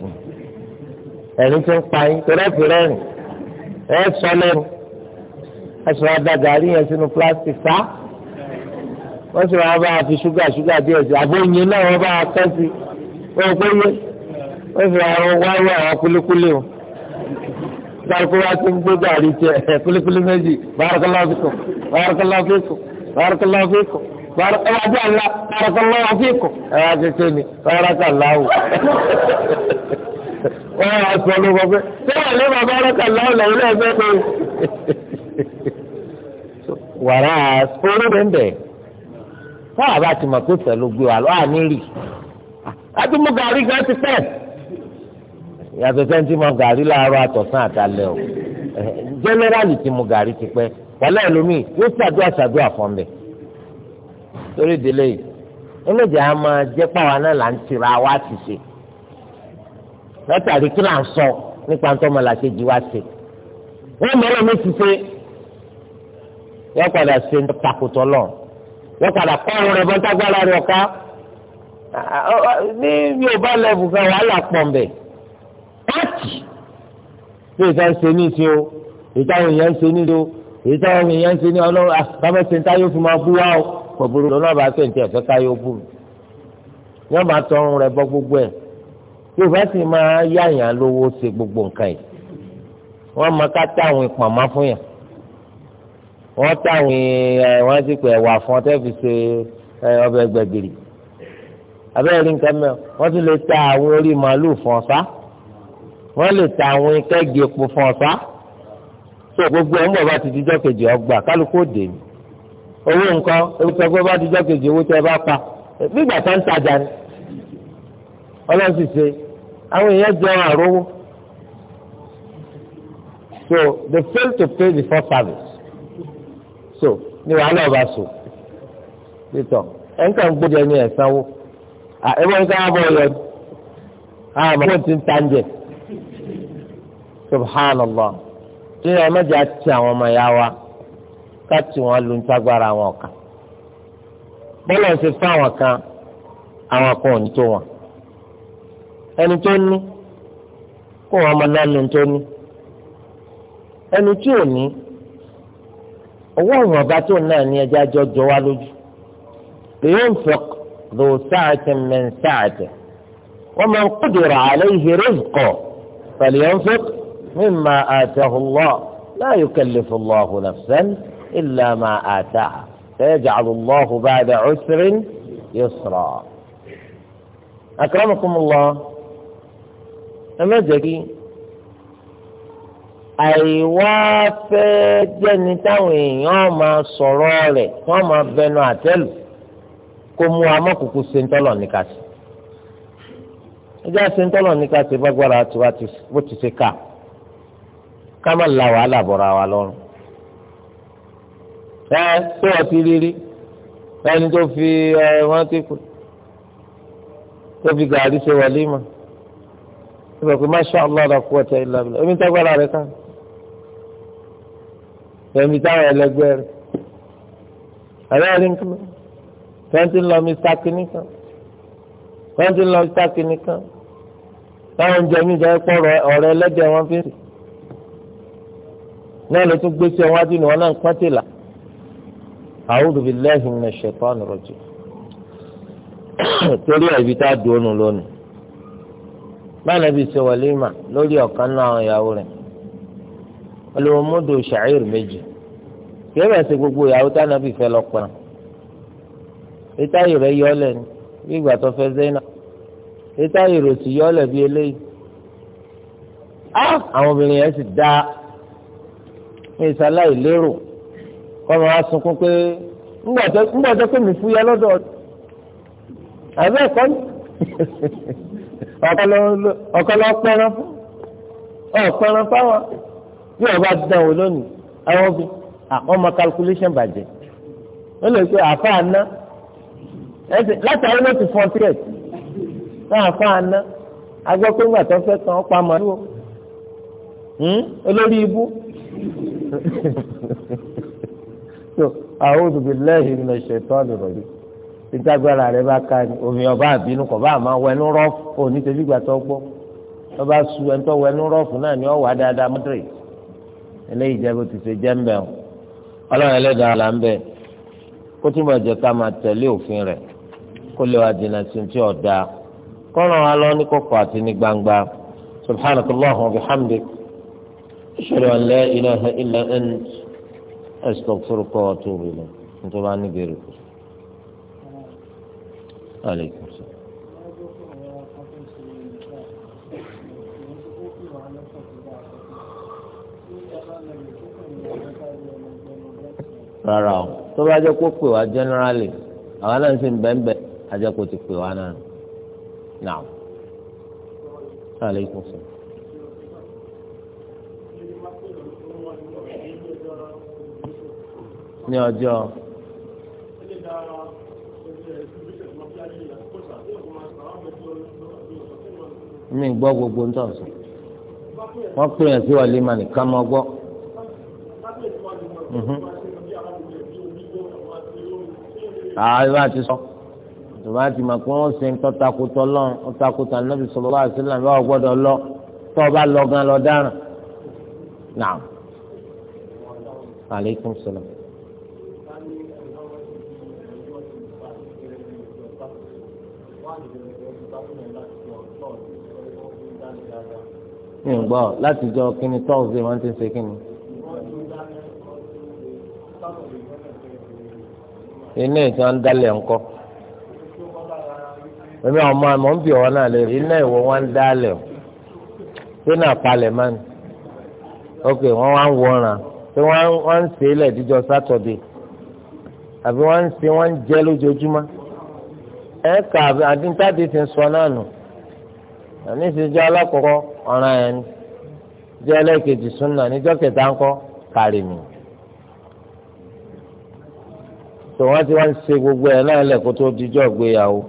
ẹ̀rín tó ń pa yín torí ẹ̀fì rẹ́rìn ẹ̀ sọ lẹ́nu ẹ̀ sọ adá gàrí yẹn sínú plastic tá wọ́n sì máa bá a fi ṣúgà ṣúgà díẹ̀ sí àbóyin náà wọ́n bá a kọ́ sí wọ́n kó yé wọ́n sì máa wáyé àwọn kúlíkúlí o kálukú wá sí ń gbé gàrí tiẹ̀ kulikuli méjì barakallahu fikum barakallahu fikum barakallahu fikum ẹwàjú àlá barakallahu fikum ẹwà kékeré ni barakallahu wọ́n yà sọ ló wọ́n pé ṣé wà lé bàbá barakallahu lẹ́yìn náà fẹ́ pé wàrà orí rẹ̀ ń bẹ̀ táwa bá ti mọ̀ ló gbé wa lọ́wọ́ àní rì àti mú gàrí gan ti pẹ́ẹ́ yàtọ̀ sẹ́ni tí mo gàrí láàárọ̀ àtọ̀sán àtàlẹ́ o jẹ́nẹ́rálì tí mo gàrí ti pẹ́ wàhálà ẹlòmíì yóò ṣàdúrà ṣàdúrà fún mi torí délé yìí ẹlẹ́jà á máa jẹ́ pàwọn náà là ń tira wá ti ṣe látàrí kí là ń sọ nípa ń tọ́mọ làkejì wá ṣe wọ́n mọ̀ ọ́ mi ti ṣe padà ṣe takùtọ̀ lọ yọ padà kọ́ ọ̀run rẹ̀ bọ́ńtágbára ní Yorùbá lẹ́bù kan wàhálà pọ̀ mbẹ́ pàtì bí ìta ń ṣe ní ìṣe o ìta àwọn èèyàn ń ṣe ní ìṣe o ìta àwọn èèyàn ń ṣe ní ọlọ́run àbámẹ́ ń táyọ̀ fún máa bú wá o pọ̀bùrù lọ́nà bá ṣe ń tẹ̀ fẹ́ káyọ̀ bù wọ́n máa tọrun rẹ̀ bọ́ gbogbo ẹ̀ yóò bá sì máa yáyàn lówó ṣe gbogbo nǹkan yìí wọ́n máa ká táwọn ìpàmọ́ fún yàn wọ́n táwọn ẹ̀ wọ́n ti pẹ̀ wà fún ọtẹ́ fi ṣe ọbẹ̀ wọ́n lè ta àwọn kẹ́gì epo fún ọ̀sá tó gbogbo ẹ̀ ń bọ̀ bá ti dijọ́ kejì ọgbà kálukú òde ni owó nǹkan ewúsọ gbọ́ bá dijọ́ kejì owó tẹ́ bá pa nígbà tó ń tajà ni ọlọ́sì ṣe àwọn èèyàn jẹun àrówó so they fail to pay the first service so ni wàhálà ọba so títọ̀ ẹ̀ ń kàn gbọ́dọ̀ ẹni ẹ̀ sanwó ẹ̀ wọ́n ń ká bọ̀ ọ̀yọ́ àwọn ọmọ tí ń ta ń subhanallah torí ẹ mẹ́jọ àti àwọn ọmọ ya wa ká tí wọ́n lu ntágbára wọn kà bọ́lá ń ṣe fáwọn kan àwọn kan ò ní tó wọn ẹni tó ní kó wọn máa nánu tó ní ẹni tí ò ní owó àwọn ọba tó náà ní ẹjẹ mimma atahu Allah la yukallifu Allahu nafsan illa ma ataha sayaj'alu Allahu ba'da 'usrin yusra. akramakumullah ẹ má jẹ́ kí àìwá fẹ́ jẹ́ni táwọn èèyàn máa sọ̀rọ̀ rẹ̀ wọ́n máa bẹnu àtẹ́lù kó mú amọ́kùkù sentọ́lọ̀ ní kásì. ẹjọ́ sentọ́lọ̀ ní kásì bá gbára tiwa bó ti ṣe ká ká má la wàhálà bọ̀ra wa lọ́rùn. ẹ ṣé wọ́n ti rí rí ẹni tó fi ẹ wọ́n ti kù tó fi gàrí ṣe wàlímà ẹ bẹ̀ pé masha allah la quwwata illa billah omi tágbára rẹ kàn ẹ̀mí táwọn ẹlẹgbẹ́ rẹ àbẹ́rẹ́ nǹkan twenty lọ mr kìnìkan twenty lọ mr kìnìkan táwọn oúnjẹ mi jẹ́ pọ̀ ọ̀rẹ́ ẹlẹ́jẹ̀ wọn fi ń sè náà ló tún gbé sí ọwájú ni wọn náà ń pọ́n tìlà a'udhu billahi minash shaitani rajim <coughs> torí ẹ̀bí tá a dùn ún lónìí báyìí nàbí ṣe wàlímà lórí ọ̀kan náà àwọn ìyàwó rẹ̀ olùwò múdù ṣàìr méjì kìí bẹ̀ ṣe gbogbo ìyàwó tá nàbí fẹ́ lọ pa ìtayì rẹ̀ yọlẹ̀ ní bí ìgbà tó fẹ́ zẹ́nà ìtayì rẹ̀ sì yọlẹ̀ bí eléyìí àwọn obìnrin yẹn sì dáa ní ìsàlàyé lérò kọ́mọ wa sunkún pé ńgbà tó pé mi fúyà lọ́dọ̀ àbẹ́ ẹ̀kọ́ ni <laughs> ọ̀kọ́ lọ pẹ́ran fún ọ̀pẹ́ran fáwọn bí ọba dán wò lónìí àwọn bí àkọ́mọ calculation bàjẹ́ ó lè pe àfáà ná látàrí ló ti fọ́n tíyẹ̀ fún àfáà ná agbọ́ pé ńgbà tó fẹ́ kan ó pa màlúù hmm? olórí ibú so a'udhu billahi minash shaitani rajim títagbára rẹ bá ka ni omi ọba àbínú kọ̀ bá a máa wẹnu rọ́ọ̀fù òní tẹ̀sí gbà tó gbọ́ ọba su ẹni tó wẹnu rọ́ọ̀fù náà ni ọ wà dáadáa madrid eléyìí jẹ́ bó ti ṣe jẹ́ ń bẹ̀ ọ́ ọlọ́run ẹlẹ́dàá là ń bẹ̀ kó túbọ̀ jẹ́ ká máa tẹ̀lé òfin rẹ̀ kó lè wá dènà sí ti ọ̀dà kọ́ran alọ́ ní kọ̀kọ̀ àti ní gbangba subhanakallahu wa bihamdik. أشهد أن لا إله إلا أنت أستغفرك وأتوب إليك طبعا عني بيرك عليكم السلام rárá o tó bá jẹ́ kó pè wá generally àwa náà sì ń bẹ́ńbẹ́ ajẹ́ kó ti pè wá náà nà. Aleykum salaam. ní ọjọ́ mi gbọ́ gbogbo ntọ́ sọ wọ́n pè é sí wàlẹ́ mà nìkan mọ́ gbọ́. ààrẹ mhm. ah, bá ti sọ tòbá ti mọ̀ pé wọ́n ṣe ń tọ́takùtọ̀ lọ́n ọ̀takùtà nàbì sọ̀rọ̀ wá sílẹ̀ bá wọ́n gbọ́dọ̀ lọ tọ́ ọba lọ gan lọ dáràn. naam aleykum salaam. ní gbọ́ láti jọ kíni tọ́ọ̀sì wọ́n ti ń ṣe kíni. iná ìtàn ń dálẹ̀ ńkọ́ èmi ọmọ àmọ́ ń bì ọ́ náà lè rí iná ìwọ wọn ń dálẹ̀ o tó náà palẹ̀ mọ́ ni ok wọ́n wá ń wọ̀ràn pé wọ́n ń ṣe é lẹ́ẹ̀díjọ́ sátọ̀dé àbí wọ́n ń ṣe wọ́n ń jẹ́ lójoojúmọ́ ẹ̀ka àdíntàdé ti ń sọ náà nù àní ìṣèjọ́ alákọ̀ọ́kọ́. ọ̀ràn yẹn ni jẹ́ súnà níjọ́ kẹta ńkọ́ kárí tó wọ́n ti wá ń gbogbo ẹ̀ náà lẹ́kọ́ tó dijọ́ gbéyàwó.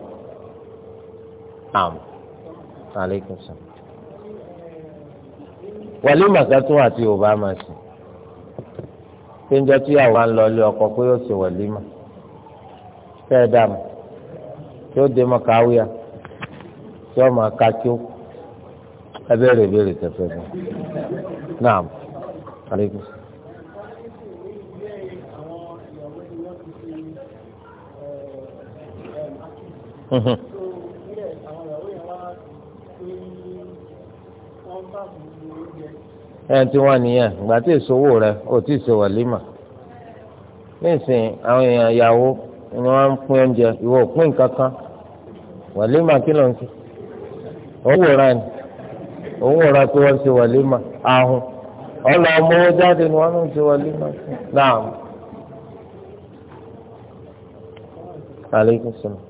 àmì aleykum sàn. wàlé màkàtún àti yorùbá máa sìn. péńjọ tí àwọn máa ń lọ ilé ọkọ pé yóò ṣe wàlé mà. fẹ́ẹ́ dà mọ́ yóò dé ka ẹbẹ̀rẹ̀ ìbéèrè tẹ̀fẹ́ fún naam ẹn tí wọ́n nìyẹn ìgbà tí ìṣòwò rẹ ò tí ì ṣe wàlímà nísìnyí àwọn èèyàn ìyàwó ni wọ́n ń pín oúnjẹ ìwọ òun ò ra pé ti ṣe wàlímà ahun ọlọ ọmọ owó jáde ni wọ́n náà. aleykum salaam.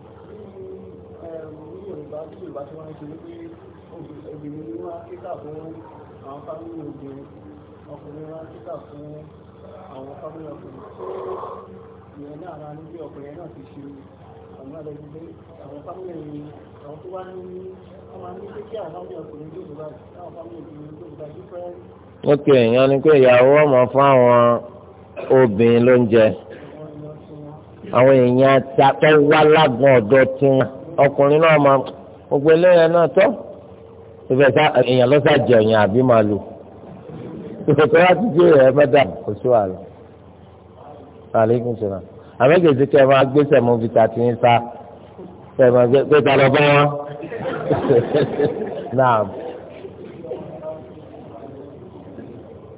ọkùnrin wa àwọn fámìlì ọkùnrin ìyẹn náà ni bí ọkùnrin náà ti ṣe ok ìyẹn ni pé ìyàwó ọmọ fáwọn obìnrin ló ń jẹ àwọn èèyàn tó wá lágùn ọ̀dọ̀ tiwọn ọkùnrin náà máa gbogbo eléyàn náà tọ́ ìfẹ̀sà èèyàn lọ́sàjọ yẹn àbí màlúù ìfẹ̀sà láti jẹ́ ẹ̀ mẹ́ta kò sí wàhálà. Aleykum salaam àmẹ́gẹ̀dẹ̀ kẹ́ ẹ máa gbé sẹ̀mọ́fìtà tí ń sa sẹ̀mọ́fìtà lọ bá wọn. <laughs> naam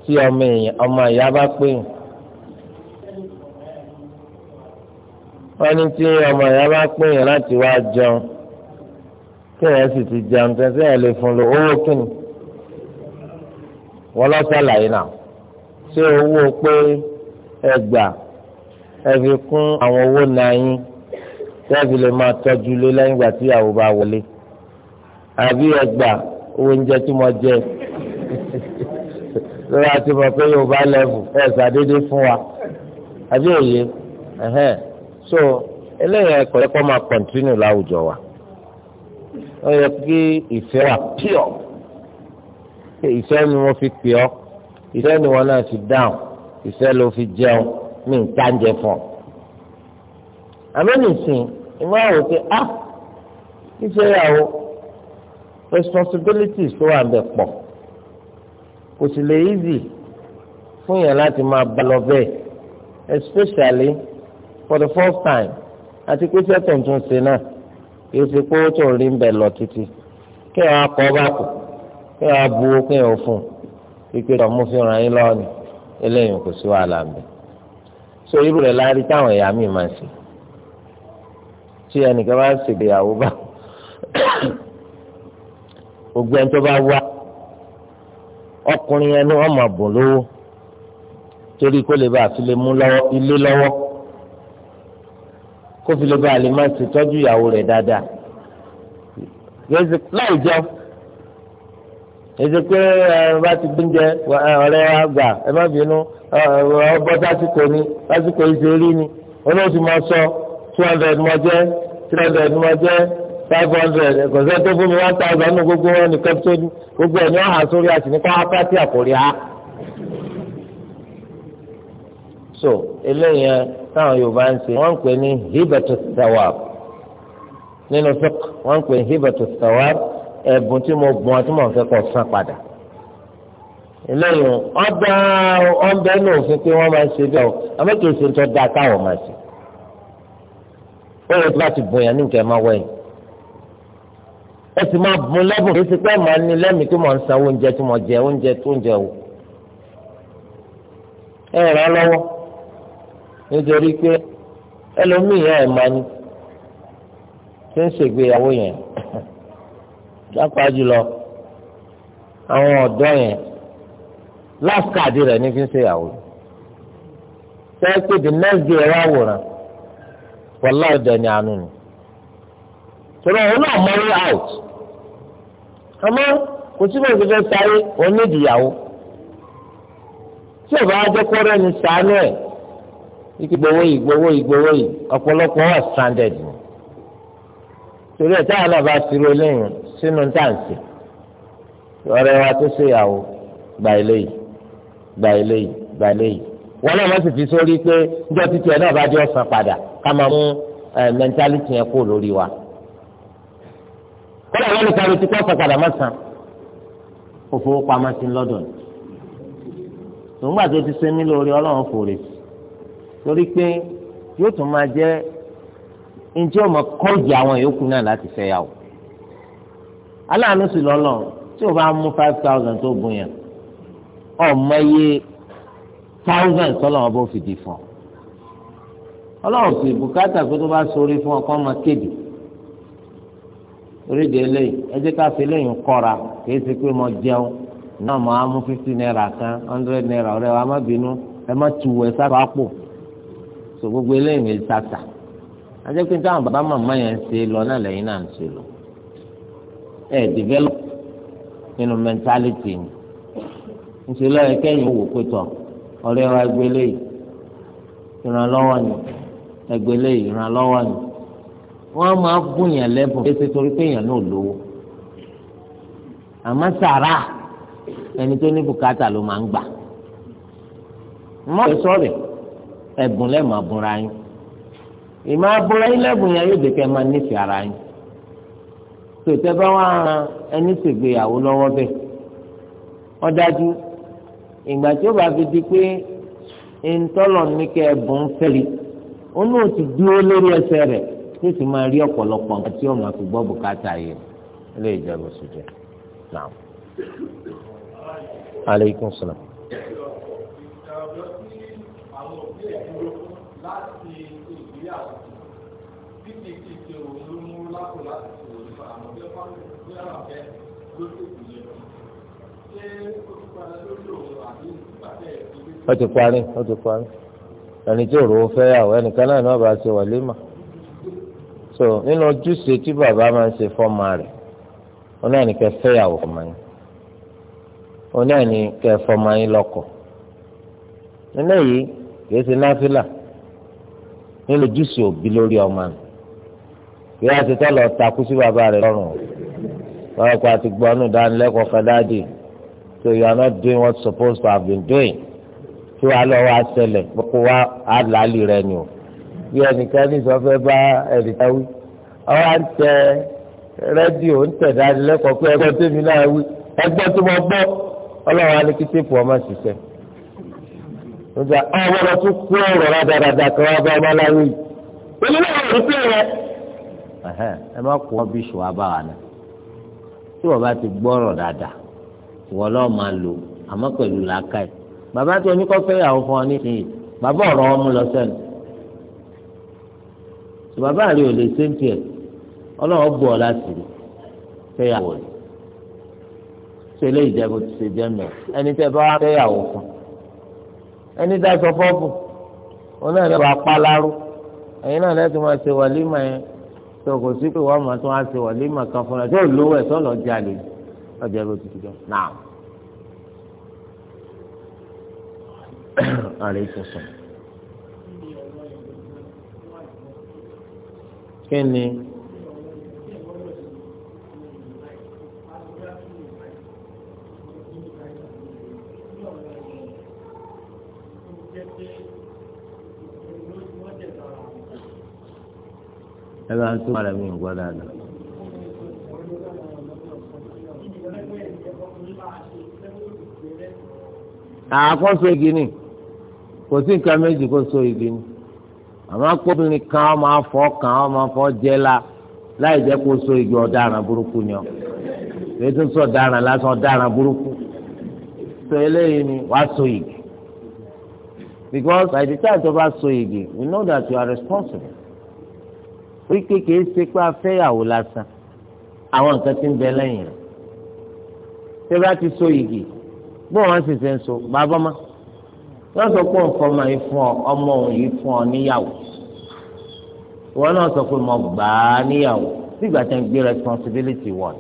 tí ọmọ èèyàn ọmọ ìyá bá pè yín wọ́n ní tí ọmọ ìyá bá pè yín láti wá jẹun kí èèyàn sì ti jẹun tẹ́sí ẹ̀ lè fún un owó kìnnì wọ́n lọ́sàlàyé náà ṣé owó pé ẹgbàá ẹ fi kún àwọn owó náà yín tẹ́ẹ̀fì lè máa tọ́jú lé lẹ́yìn ìgbà tí ìyàwó bá wọlé àbí ẹgbà owó oúnjẹ tí mo jẹ lórí àti mọ̀ pé yorùbá lẹ́fù ẹ̀ sàdédé fún wa àbí òye so eléyìí ẹ̀kọ́ ẹ̀kọ́ máa kọ̀ntínú láwùjọ wa ó yẹ kí ìfẹ́ wà píọ̀ ìfẹ́ ni wọ́n fi pè ọ́ ìfẹ́ ni wọ́n náà fi dáhùn ìfẹ́ ló fi jẹun mi ń ta oúnjẹ fún ọ. àmọ́nì sìn ìwọ́n àwò pé a ah, iṣẹ́ ìyàwó responsibilities tó wà bẹ̀ pọ̀ kò sì lè easy fún yẹn láti máa bá lọ bẹ́ẹ̀ especially for the first time àti pé iṣẹ́ tuntun ṣe náà kì í ṣe pé ó tó rí ń bẹ̀ lọ títí kí ẹ̀ wá kọ́ bá kù kí ẹ̀ wá bu kí ẹ̀ fún un ìpè tó mú fi ràn yín lọ́wọ́ ni eléyìí kò sí wàhálà mi so irú rẹ̀ la rí táwọn ẹ̀yà mi máa ṣe tí ẹnìkan bá ṣègbéyàwó bá gbogbo ẹni tó bá wá ọkùnrin yẹn ni wọ́n lówó torí kó lè bá a fi lè ilé lọ́wọ́ kó fi lè bá a lè máa ṣètọ́jú ìyàwó rẹ̀ dáadáa èsì pé ẹ bá ti gbóúnjẹ ọ̀rẹ́ àgbà ẹ má bínú ọgbọ́ tásìkò ni tásìkò ìṣe rí ni olóòtú máa sọ two hundred mọ jẹ three hundred mọ jẹ five hundred ẹ̀kọ́sẹ́ tó fún mi one thousand nínú gbogbo wọn ní kẹ́pítọ́nì gbogbo ẹ̀ ní ọ̀hà sórí àti ní káwá pátí àkórí á. so eléyìí táwọn Yorùbá ń ṣe wọ́n ń pè ní hibatu sawab nínú fiqh wọ́n ń pè ní hibatu sawab ẹ̀bùn tí mo bùn ọ tí mo fẹ́ kọ́ san padà lẹ́yìn ọgbà ọ̀bẹ náà òfin pé wọ́n máa ń ṣe bẹ́ẹ̀ o àmọ́ kì í ṣe tó dáa táwọn máa ṣe ó yẹ kí wọ́n ti bùn yẹn ní nǹkan ẹ̀ máa wẹ̀yìn ẹ sì máa bùn lẹ́bùn kì í máa ní lẹ́mìí tí mo ń san oúnjẹ tí mo jẹ oúnjẹ tó ń jẹ o ẹ ràn án lọ́wọ́ nítorí pé ẹlòmíì ẹ̀ máa ní tí ń ṣègbéyàwó yẹn lápá jùlọ àwọn ọ̀dọ́ yẹn láti káàdì rẹ̀ ní fi ń ṣèyàwó sẹ́yìn pé the next day ẹ̀rọ àwòrán wọlé ọ̀dọ̀ ni àánú ni torí òun náà mọ́rí out àmọ́ kò túbọ̀ ìgbésẹ̀ sáré onídìyàwó tí ọba ajẹ́kọ́rẹ́ ni sàánú ẹ̀ ìgbowó ìgbowó ìgbowó ọ̀pọ̀lọpọ̀ wà stranded ni torí ẹ̀ táwọn náà bá ti ro lẹ́yìn sínú táǹsì ọ̀rẹ́ wa tó ṣèyàwó gba eléyìí gba eléyìí gba eléyìí wọn náà wọ́n sì fi sórí pé níjọ́ títí ẹ̀ náà bá jẹ́ ọ̀sán padà ká máa mú mẹ́ńtálítì yẹn kó lórí wa kọ́lá wọn nìkan ló ti kọ́ ọ̀sán padà mọ́sàn òfowópamọ́sí lọ́dọ̀ ni tòun gbà tó ti ṣe mí lórí ọlọ́run fòrè torí pé yóò tún máa jẹ́ njẹ́ ọmọ kọ́ọ̀jì àwọn yòókù náà láti fẹ́ yà wò aláàánú sì lọ́lọ́ tí o bá mú five thousand tó bùn yẹn ọmọ iye thousand sọlọ wọn bó fìdí fún ọ ọlọ́run sì bùkátà pé tó bá sórí fún ọkọ ọmọ kéde orídìí eléyìí ẹ jẹ́ ká fi eléyìí kọ́ra kìí ṣe pé mo jẹun náà mo á mú fifty naira kan hundred naira ọ̀rẹ́ wa má bínú ẹ má tu ẹ sábà pò so gbogbo eléyìí ń tata ajẹ́ pé táwọn bàbá màmá yẹn ń ṣe lọ náà lẹ́yìn náà ń ṣe lọ. ẹ̀ develop nínú mentality ni níṣẹ́ lọ́yẹ kẹ́yìn wò pé ọ̀rẹ́ wa gbé léyìí ìrànlọ́wọ́ ni ẹgbẹ́ léyìí ìrànlọ́wọ́ ni wọ́n máa bùnyàn lẹ́bùn ṣe torí pé èèyàn náà lówó àmọ́ sàrà ẹni tó ní bùkátà ló máa ń gbà mọ́ ẹ sọ̀rọ̀ ẹ̀bùn lẹ́ẹ̀ máa bùnra yín lẹ́bùn yẹn yóò dé ara yín. tòtẹ́ bá wà hàn ẹni ṣègbéyàwó lọ́wọ́ bẹ́ẹ̀ ó dájú ìgbà tí ó bá fi di pé ntọ́lọ̀ ní kẹ́ ẹ̀bùn fẹ́lẹ̀ òun náà ti dúró lórí ẹsẹ̀ rẹ̀ tó sì máa rí ọ̀pọ̀lọpọ̀ nǹkan tí ó máa fi gbọ́ bùkátà yìí ilé ìjọba sójà náà. aleykum salaam. láti ìgbéyàwó títí títí òun ló mú lápò láti. ó ti parí ó ti parí ẹni tí fẹ́ yàwó ẹnìkan náà ní ọba ṣe ma." so nínú ojúṣe tí bàbá máa ń ṣe fọ́ọ̀mà rẹ̀ ó náà ní kẹ́ fẹ́ yàwó fọ́ọ̀mà yín ó náà ní kẹ́ fọ́ọ̀mà lọ́kọ nílẹ̀ yìí kìí ṣe náfìlà nínú ojúṣe òbí lórí ọmọ rẹ̀ bàbá rẹ̀ lọ́rùn lọ́wọ́ kó àti gbọ́ ọ́nù dánilẹ́kọ̀ọ́ kẹ́dáàdì so you are not doing what supposed to have been doing tí wàá lọ́wọ́ àṣẹlẹ̀ kó wá àlàálì rẹ ni o bí ẹnìkan ní sọfẹ́ bá ẹnìkan wí ọwọ́ à ń tẹ rẹ́díò ń tẹ̀ dánilẹ́kọ̀ọ́ pé ẹgbẹ́ tèmi náà wí ẹgbẹ́ tí mo gbọ́ ọlọ́wọ́ alikítẹ́pù ọmọ ṣiṣẹ́ nígbà àwọn ọmọ tó kú ọ̀rọ̀ rádaràdà kan wá bá ọmọ aláwí ìlú náà rí pé rẹ ẹ má kó ọbí ṣùgbọ́n bá wà náà tí wọ́n bá ti gbọ́rọ̀ dáadáa ìwọ lọ́ọ́ máa lò àmọ́ pẹ̀lú làákàyè bàbá tí oníkọ́ fẹ́yàwó fún ọ nísìnyí bàbá ọ̀rọ̀ ọmú lọ sẹ́nu tí bàbá rẹ o lè séńtì ẹ̀ ọlọ́wọ́ bù ọ láti rí fẹ́yàwó rẹ̀ ṣe lè jẹ́ bó ti ṣe jẹ́ mẹ́ ẹni tẹ́ bá fẹ́yàwó fún ẹni dá sọ fọ́ọ̀bù òun náà lè bá pa láró ẹ̀yin náà lẹ́tọ̀ọ́ máa ṣe wàlímà yẹn tó kò sí pé wọ́n máa tún á ṣe wọlé mà kan fúnra tó lówó ẹ̀ tó lọ jalè ọjà ló ti dùn náà. àlẹ́ ìtòsàn. kí ni Thank you. ẹ bá ń tó ara mi ń gbọ́ dáadáa. àkóso igi ni kò sí nǹkan méjì kó so igi ni àmọ́ akóbìnrin kan ọmọ afọ kan ọmọ afọ jẹ́ la láì jẹ́ kó so igi ọ̀daràn burúkú ni ọ ètò sọ ọ̀daràn lásán ọ̀daràn burúkú so eléyìí ni wàá so igi because by the time tó bá so igi we know that you are responsible wípé kìí ṣe pé afẹ́yàwó lásán àwọn nǹkan ti ń bẹ lẹ́yìn rẹ̀ ṣé bá ti so igi bó wọn sì ṣe ń so bàbá ma wọn sọ pé nǹkan máa ń fún ọ ọmọ òun yìí fún ọ níyàwó wọn náà sọ pé mo gbà á níyàwó sígbà tí wọn gbé responsibility wọn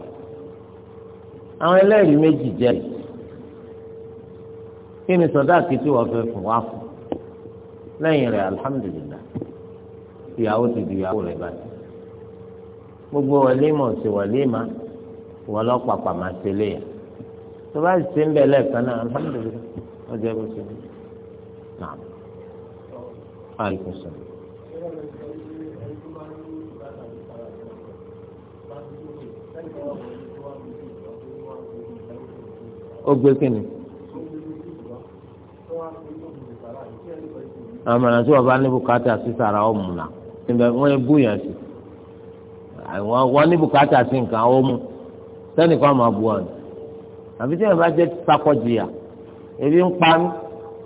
àwọn ẹlẹ́rìí méjì jẹ́ kí ni sọ̀dá kìtì wọ́n fẹ́ fún wa fún lẹ́yìn rẹ̀ alhamdulilayi ìyàwó ti di ìyàwó rẹ̀ báyìí gbogbo wàlímọ̀ sí wàlímà wọn lọ pàpà máa ṣe léyà tó bá ṣe ń bẹ lẹ́ẹ̀kan náà alhamdulilayi wọ́n jẹ́ bó ṣe ń naam alaikum salaam. ó gbé kínní. àmàlà tí wọn bá ní bùkátà sí sàrà níbẹ̀ wọ́n bú yàn sí àwọn wọn ní bùkátà sí nǹkan àwọn mú sẹ́nìkan máa bu ọ̀nà àfi tí yẹn bá jẹ́ sakọ̀jìyà ebi ń pa mí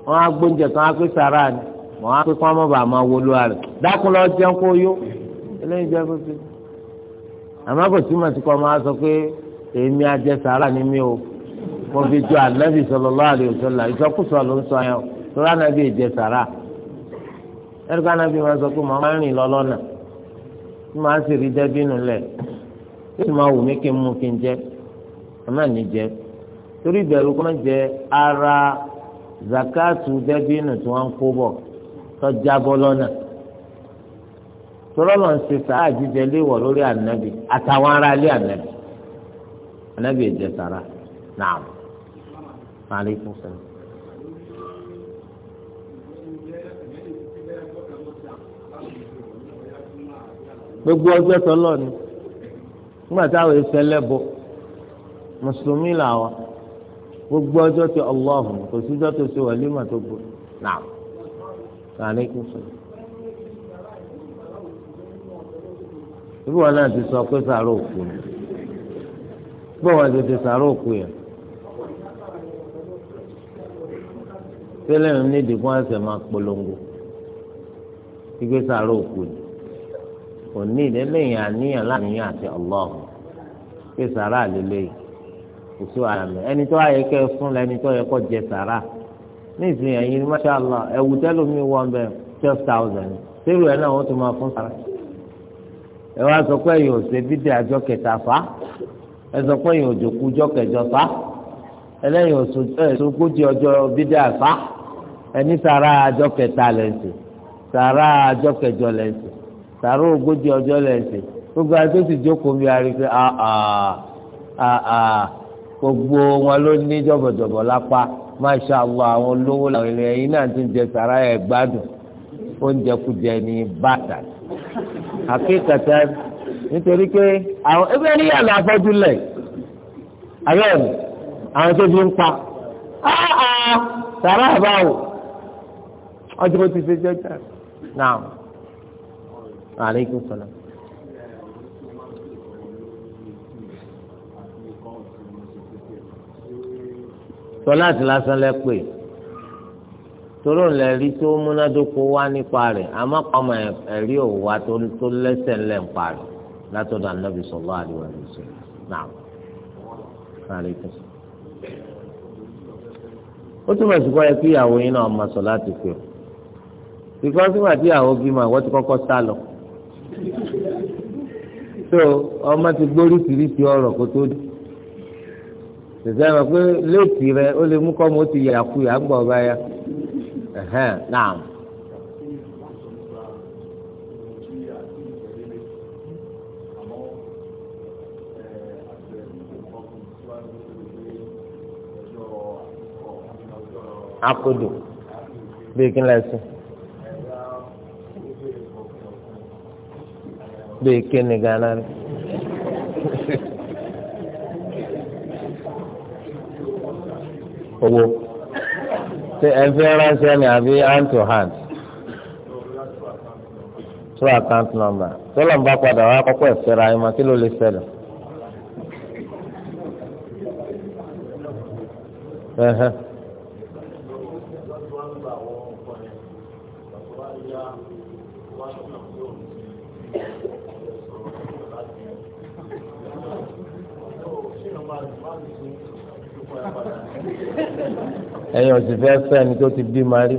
wọ́n á gbóúnjẹ kan á pé sàrà ni wọ́n á pé kí wọ́n má bàa máa wọlé rẹ̀ dákun lọ jẹun kó yó eléyìí jẹ́ kó sí àmọ́ kò túmọ̀ sí kọ́ máa sọ pé èmi ajẹsàrà ni mí o mo fi jọ ànábì sallallahu alaihi wasallam ìsọkúsọ ló ń sọ yẹn o tó rà náà bí ìjẹsàrà ẹ̀rọ̀gbọ́n anábì máa sọ pé màá máa rìn lọ lọ́nà tí màá sì rí dẹ́bínú lẹ̀ tí sì máa wù mí kí n mú kí n jẹ́ àmọ́ ní jẹ́ torí ìbẹ̀rù kan jẹ́ ara zakatu dẹ́bínú tí wọ́n ń kó bọ̀ tọ́já bọ́ lọ́nà tọ́lọ́ lọ́n ṣe sàá jíjẹ léwọ̀ lórí ànábì àtàwọn ará ilé ànábì ànábì ìjẹ sàrà náà. Alaikum salaam. gbogbo ọjọ́ tọ́lọ́ ni nígbà táwọn ẹsẹ̀ lẹ́bọ mùsùlùmí làwọn gbogbo ọjọ́ ti ọlọ́hùn kò síjọ́ tó ṣe wàlímà tó gbò náà sàlẹ̀ kò sọ. ibi wọn náà ti sọ pé sàrà òkú ni bí ti ti sàrà òkú yẹn. tẹ́lẹ̀ ní ìdìbò àṣẹ máa polongo ìgbésàrà òkú ni. kò ní àníyàn láàrin àti Allah pé sàrà lélẹ́yìn kò sí wàhálà ẹni tó ayẹ fún lẹ́ni tó yẹ jẹ sàrà ní ìsìn ẹ̀yìn masha Allah ẹ̀wù tẹ́lómi wọ́n twelve thousand náà wọ́n tún máa fún sàrà ẹ wá sọ pé bídẹ àjọ kẹta fa ẹ sọ pé jọ kẹjọ fa bídẹ sàrò ogójì ọjọ́ lẹ́sẹ̀ gbogbo àti ó sì jókòó bí ari pé ah, ah, ah, gbogbo wọn ló ní jọ̀bọ̀jọ̀bọ̀ lápá máṣá àwọn àwọn olówó làwọn ènìyàn yìí náà ti ń jẹ sàrà ẹ̀ gbádùn oúnjẹ kújẹ ní bàtà àkékàtà nítorí pé àwọn ẹgbẹ́ ní yàrá afọ́jú lẹ̀ àwọn tó fi ń pa sàrà àbáwò ọjọ́ bó ti ṣe jẹ́jà náà aleykum salaam. sọláàtì lásán lẹ pé toró ńlẹ rí tó múnádóko wá nípa rẹ̀ àmọ́ ọmọ ẹrí ò wá tó lẹ́sẹ̀ ńlẹ ń pa rẹ̀ látọ̀dọ̀ anábì sọlọ àdìwà rẹ sọ náà àlékún. ó túmọ̀ sí kọ́ ẹ kí ìyàwó yín náà máa sọ láti pè ọ́ bíkọ́ sígbà tí ìyàwó bímọ ìwọ́n ti kọ́kọ́ sá lọ. so ọmọ ti gbórí tìrìtì ọrọ kó tó dùn tẹsẹ ma pé léètì rẹ ó lè mú ti yà kú yà ya náà. akodo bí kí n lè sùn. bẹ́ẹ̀ kéne gánà rẹ̀. owó ṣe ẹ fẹ́ ránṣẹ́ ni àbí hand to hand through account number tọ́lọ̀ ń bá padà wá kọ́kọ́ ẹ̀fẹ́ ra ẹ̀ma kí ló lè ṣẹlẹ̀. Uh-huh. ẹ̀yin ò sì fẹ́ fẹ́ ẹni tó ti bí máa rí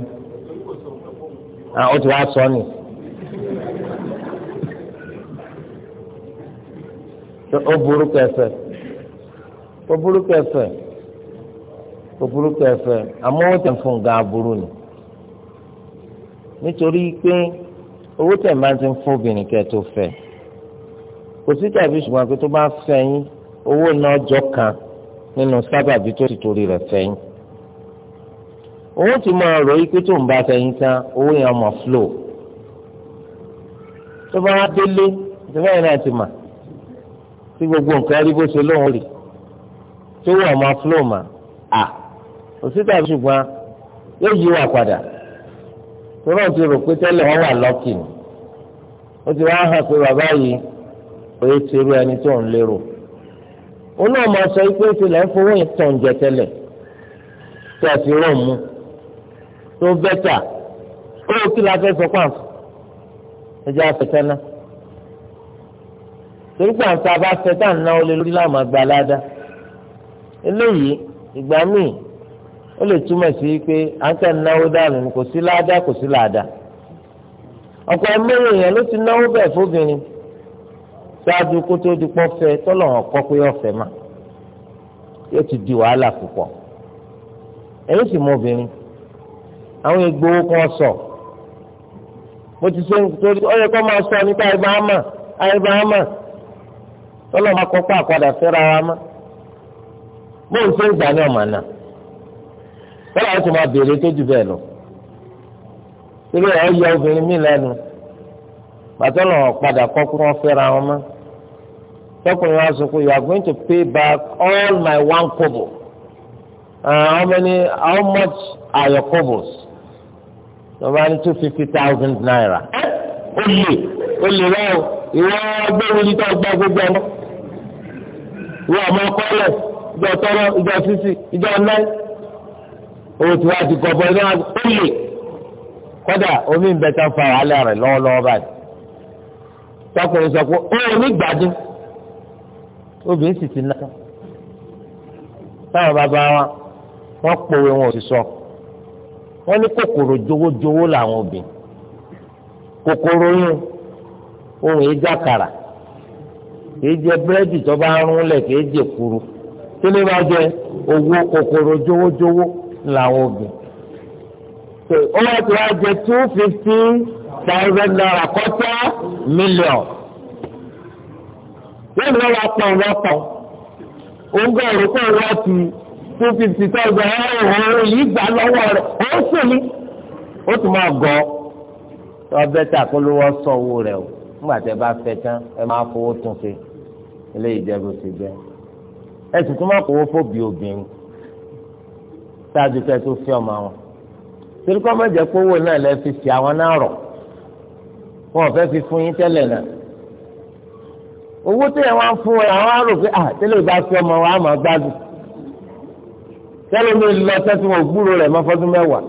ah, ó ti wá sọ ni. ó burú kẹfẹ ó burú kẹfẹ ó burú kẹfẹ àmọ́ ó tẹ̀ fún ga burú ni nítorí pé owó tẹ̀ máa ti ń fún obìnrin kẹ́ tó fẹ́ kò sí tàbí ṣùgbọ́n pé tó bá fẹ́ yín owó náà jọ kan nínú sábàbí tó ti torí rẹ̀ fẹ́ yín. òun ti máa rọ ikú tó ń bá fẹ̀yìn tán owó yẹn mọ̀ flow tó bá wá délé tó bá yẹn náà ti mà tí gbogbo nǹkan rí bó ṣe lóun tó mà ṣùgbọ́n yóò yí wà padà tó náà tẹ́lẹ̀ wọ́n wà lọ́kì ni ó ti wá hàn pé bàbá yìí òye ti rú ẹni tó ń lérò òun náà máa sọ pé fowó yẹn tó bẹ́tà ó yẹ kí la fẹ́ sọ pàǹfù ẹjẹ́ afẹ́tẹ́ náà torí pàǹfù abáfẹ́ tá à lórí láàmú agbálada eléyìí ìgbà míì ó lè túmọ̀ sí pé à ń kẹ́ náwó dànù kò sí láàdá kò sí làádá ọ̀pọ̀ ẹ̀mẹ́rin èèyàn ló ti náwó bẹ́ẹ̀ fóbìnrin ṣáájú kó tó di pọ́ fẹ́ tọ́lọ̀ hàn kọ́ pé ọ̀fẹ́ mà yóò ti di wàhálà púpọ̀ ẹ̀yìn sì mọ obìnrin àwọn ìgbowó kan sọ mo ti ṣe nítorí ọyọ kan máa sọ nípa àìbáhámà àìbáhámà tọ́lọ́ máa kọ́kọ́ àkọ́dà fẹ́ra wa mọ́ bó ń ṣe ń gbà ní ọ̀mà náà tọ́lọ́ àwọn ti máa béèrè tó jù bẹ́ẹ̀ lọ torí ẹ̀ yọ obìnrin mi lẹ́nu pàtọ́lọ́ padà kọ́ kí wọ́n fẹ́ra wọn mọ́ tọkùnrin wa sọ pé you are going to pay back all my one kobo uh, how many how much are your kobos? lọ́ba ní two fifty thousand naira. ó lè ó lè rẹ o ìwọ gbẹ́rù lítọ́ gbá gbogbo ọmọ ìwọ ọmọ kọ́lẹ̀ ìjọ tọ́lọ́ ìjọ sísì ìjọ náì owó tí wàá ti gọbọ ní wàá ó lè kọ́dà omi ń bẹ tán fa wàhálà rẹ̀ lọ́wọ́lọ́wọ́ báyìí tọkùnrin sọ pé ó ní gbádùn obìnrin sì ti ná táwọn bàbá wa wọ́n pòwe wọn ò sì sọ. So wọ́n ní kòkòrò jowójowó làwọn obìnrin kòkòrò yín ohun èé jàkàrà kìí jẹ búrẹ́dì tó bá rún lẹ̀ kìí jẹ kuru tí ló bá jẹ owó kòkòrò jowójowó làwọn obìnrin so owó tí wàá jẹ two fifty thousand naira kọ́tà million yóò lọ́wọ́ apọ̀ ọ̀rọ̀ apọ̀ òun gbọ́ òrùkọ́ òun two fifty thousand ọ̀hún yìí gbà lọ́wọ́ rẹ̀ ó sì ní ó tún máa gọ̀ ọ́ bẹ́tà kó ló wọ́ sọ owó rẹ̀ o nígbà tẹ́ bá fẹ́ tán ẹ máa fowó tún ṣe eléyìí jẹ́ bó ṣe jẹ́ ẹ sì tún máa kówó fòbí obìnrin ṣáàjú kẹ́ tó fi ọmọ wọn torí kọ́ mọ̀jẹ̀ kówó náà lẹ́ fi fi àwọn náà rọ̀ wọn ò fẹ́ fi fún yín tẹ́lẹ̀ náà owó tó yẹ wọn fún ẹ àwọn á rò pé ah, ọmọ wọn á gbádùn tẹ́lẹ̀ mi lọ sẹ́sìn wọn gbúrò rẹ̀ mọ́fọ́dún mẹ́wàá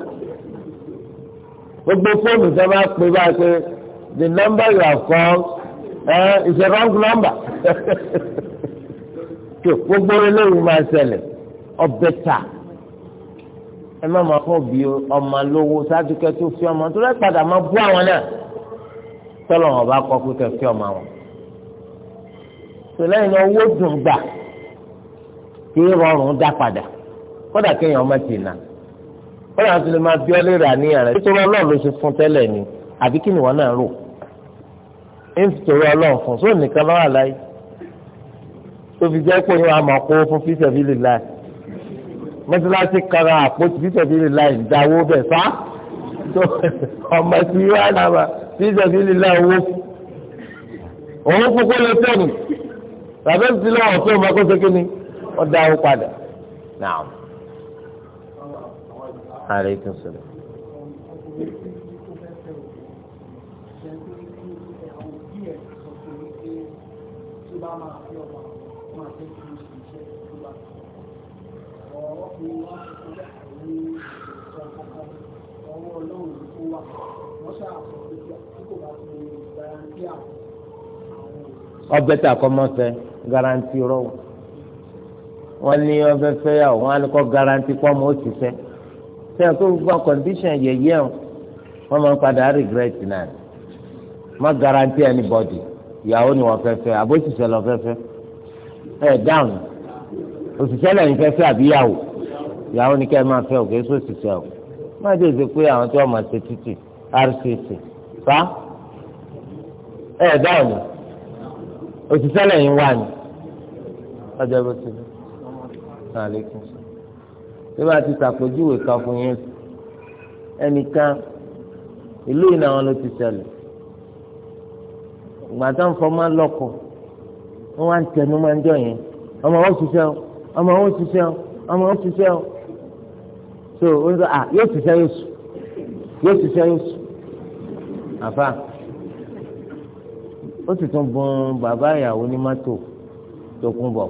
gbogbo fóònù sẹ́ máa pè báyìí pé the number you have called uh, is a wrong number tó <laughs> gbogbo eléyìí máa ṣẹlẹ̀ ọbẹ̀ ta ẹ má máa kọ́ bí ọmọ lówó ṣáájú kẹ́ tó fi ọmọ tó rẹ́ padà máa bú àwọn náà tọ́lọ̀ wọn bá kọ́ pé kẹ́ fi ọmọ wọn tòlẹ́yìn owó dùn gbà kí rọrùn dá padà kódà kéèyàn ọmọ ti nà kódà wọn ti lè máa bí ọlẹ́rẹ̀ àníyàn rẹ̀ nítorí ọlọ́run ló ṣe fún tẹ́lẹ̀ ni àbí kí ni wọn náà rò nítorí ọlọ́run fún sóò nìkan lọ́wọ́ àlàyé tó fi jẹ́ pé wọn àmọ̀ kó fún fíṣẹ̀fílì láì mọ́tíláṣí kara àpótí fíṣẹ̀fílì láì dáwó bẹ̀ fá ọmọ tí wàá nàbà fíṣẹ̀fílì láì wó òun fún kó lè tàbí ti lọ́wọ́ fún ọmọ akóso aleykum salaam. ọbẹ̀ tí a kọ́ mọ́ fẹ́ garanti rọ wọn ní ọbẹ̀ fẹ́ yà wọn á ní kọ́ garanti kọ́ mọ́ ó ti sẹ́yìn tó gbọ́ condition yẹ̀yẹ́ o wọ́n máa ń padà regret náà má guarantee anybody ìyàwó ni wọ́n fẹ́ fẹ́ àbóṣìṣẹ́ lọ fẹ́ fẹ́ ẹ̀ down òṣìṣẹ́ lẹ́yìn fẹ́ fẹ́ àbíyàwó ìyàwó ni kẹ́ ẹ máa fẹ́ òkè sóṣìṣẹ́ o má dé ṣe pé àwọn tí wọ́n máa ṣe títì rcc fa ẹ̀ down òṣìṣẹ́ lẹ́yìn wà ní ọjọ́ bó ti ní bí wọ́n ti ṣàpèjúwe kan fún yín ẹnìkan ìlú yìí náà ló ti ṣẹlẹ̀ ìgbà tó ń fọmọ́ lọ́kọ̀ wọ́n wá ń tẹnu máa ń jọ yẹn ọmọ wọn ṣiṣẹ́ o ọmọ wọn ṣiṣẹ́ o ọmọ wọn ṣiṣẹ́ o so ó ń sọ à yóò ṣiṣẹ́ yóò sùn yóò ṣiṣẹ́ yóò sùn àfa ó sì tún bun bàbá ìyàwó ní mọ́tò tó kún bọ̀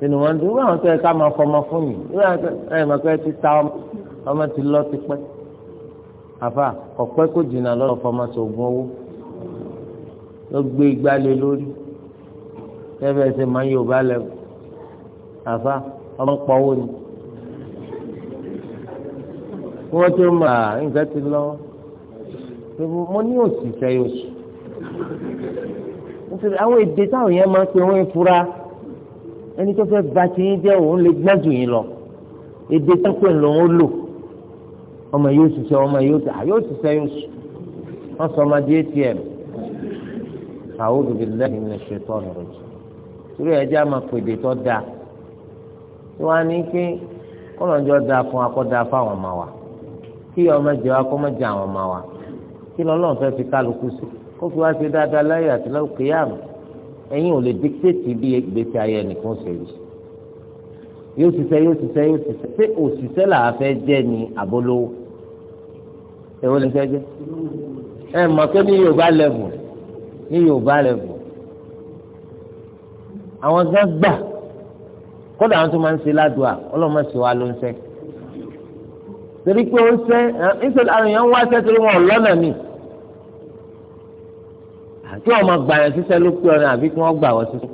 sínú wọn dùn wọn sọ ká máa fọmọ fún mi wọn sọ ẹ mọ pé ti ta ọmọ ti lọ ti pẹ́ àfa ọpẹ kò jìnnà lọ fọmọ sọgùn owó ló gbé igbá lé lórí tẹbẹ ẹsẹ máa ń yorùbá lẹwọ àfa ọmọ ń pọwó ni wọn tó mọ à nǹkan ti lọ mo ní òsì sẹyìn oṣù àwọn èdè táwọn yẹn máa ń pè wọn fura ẹni tó fẹ́ ba ti yín jẹ́ òun lè gbọ́n jù yín lọ èdè tó pè ló ń lò ọmọ yóò ṣiṣẹ́ ọmọ yóò tà yóò ṣiṣẹ́ yóò sùn wọ́n sọ ọmọdé atm a'udhu billahi minash shaitani rajim torí ẹ̀jẹ̀ àmọ́ pèdè tó dáa tí wọ́n á ní pé kọ́lọ́njọ́ dáa fún akọ́dáa fáwọn ọmọ wa kí ọmọ jẹ wa kọ́ mọ́ jẹ àwọn ọmọ wa kí lọ́lọ́run fẹ́ fi kálukú sí kó fi wá ṣe dáadáa láyé àti ẹ̀yin ò lè díktéètì bí ìgbésí ayé ẹnìkan ṣe rí yóò ṣiṣẹ́ yóò ṣiṣẹ́ yóò ṣiṣẹ́ pé òṣìṣẹ́ làá fẹ́ jẹ́ ni àbólówó èwo ni fẹ́ jẹ́ ẹ mọ̀ pé ní Yorùbá lẹ́bù ní Yorùbá lẹ́bù àwọn gán gbà kódà àwọn tó máa ń ṣe ládùá ọlọ́mọ sì wá ló ń ṣe torí pé ó ń ṣe ń ṣe àwọn èèyàn ń wá ṣe torí wọn ò lọ́nà míì kí wọn máa gbàyàn síṣẹ́ ló pé ọ̀nà àbí kí wọ́n gbà wọ́n síṣẹ́.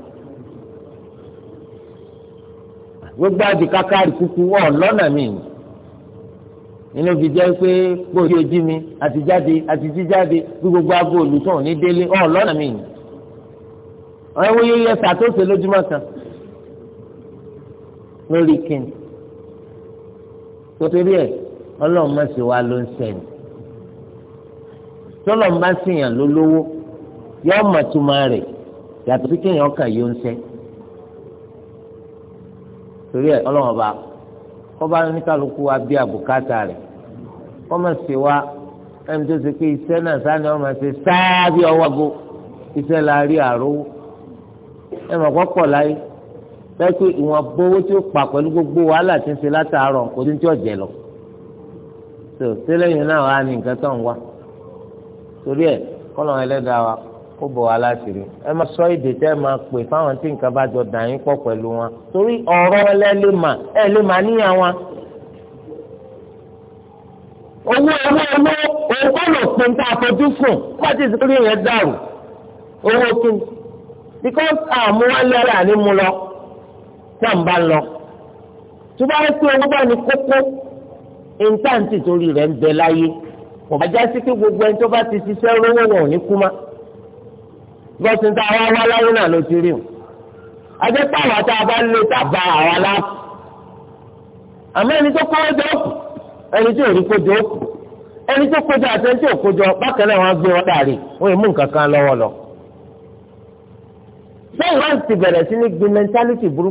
gbogbo àdìkáká ìkúkú wọn lọ́nà mi ni inú fi jẹ́ pé gbòòdì ojú mi àti jáde àti jíjáde bí gbogbo aago olùtọ̀ ní délé ọ̀ lọ́nà mi ni. ọ̀rẹ́ wo yóò yẹ sàtòsè lójúmọ́ kan lórí kíni kótórí ẹ̀ ọlọ́run má ṣe wá ló ń sẹ́yìn tọ́lọ́run bá ṣèyàn lólówó yọ ọmọ túmọ̀ rẹ̀ yàtọ̀ sí kéèyàn kà yóò ń sẹ́ torí ẹ̀ ọlọ́run ọba kọ́ba oníkàlùkù wa bí àbùkátà rẹ̀ kọ́mọ̀ sí wa ẹni tó ṣe pé iṣẹ́ náà sáni ọmọ ṣe sáá bí ọwọ́ la rí àrówó ẹ mọ̀ kọ́kọ́ láyé pẹ́ẹ́pẹ́ ìwọ̀n gbowó tí ó pa pẹ̀lú gbogbo wàhálà tí ń ṣe látàárọ̀ kò ní tí ọ̀jẹ̀ lọ. tó tẹ́lẹ̀ yìí náà wà ní nǹkan tó ń wá torí ẹ̀ kọ́lọ́n ẹlẹ́dàá wa kó bọ̀ wá láti rí ẹ máa sọ èdè tẹ́ ẹ máa pè fáwọn tí nǹkan bá jọ dà yín pọ̀ pẹ̀lú wọn torí ọ̀rọ̀ ẹlẹ́lẹ́ mà ẹ lè mà níyà wọn. owó owó owó òǹkọ́ lò pé nta àfojú sùn pàtí ìsìnkúrú yẹn dàrú owó kí ni because àmúwálé ara ni mu lọ tí à ń bá lọ tó bá rí pé owó bá ní kókó ìntàǹtì torí rẹ̀ ń bẹ láyé kò bá já sí pé gbogbo ẹni tó bá ti ṣiṣẹ́ rówó wọn ò ní kú máa. gbọ́sìn tá a wá wá láyé náà ló ti rí o àjẹ́ pààrọ̀ tá a bá lé bá àwa lá àmọ́ ẹni tó kọ́ ọjọ́ òkú ẹni tó rí kójú òkú ẹni tó kójú àti ẹni tó bákan náà wọ́n gbé wọn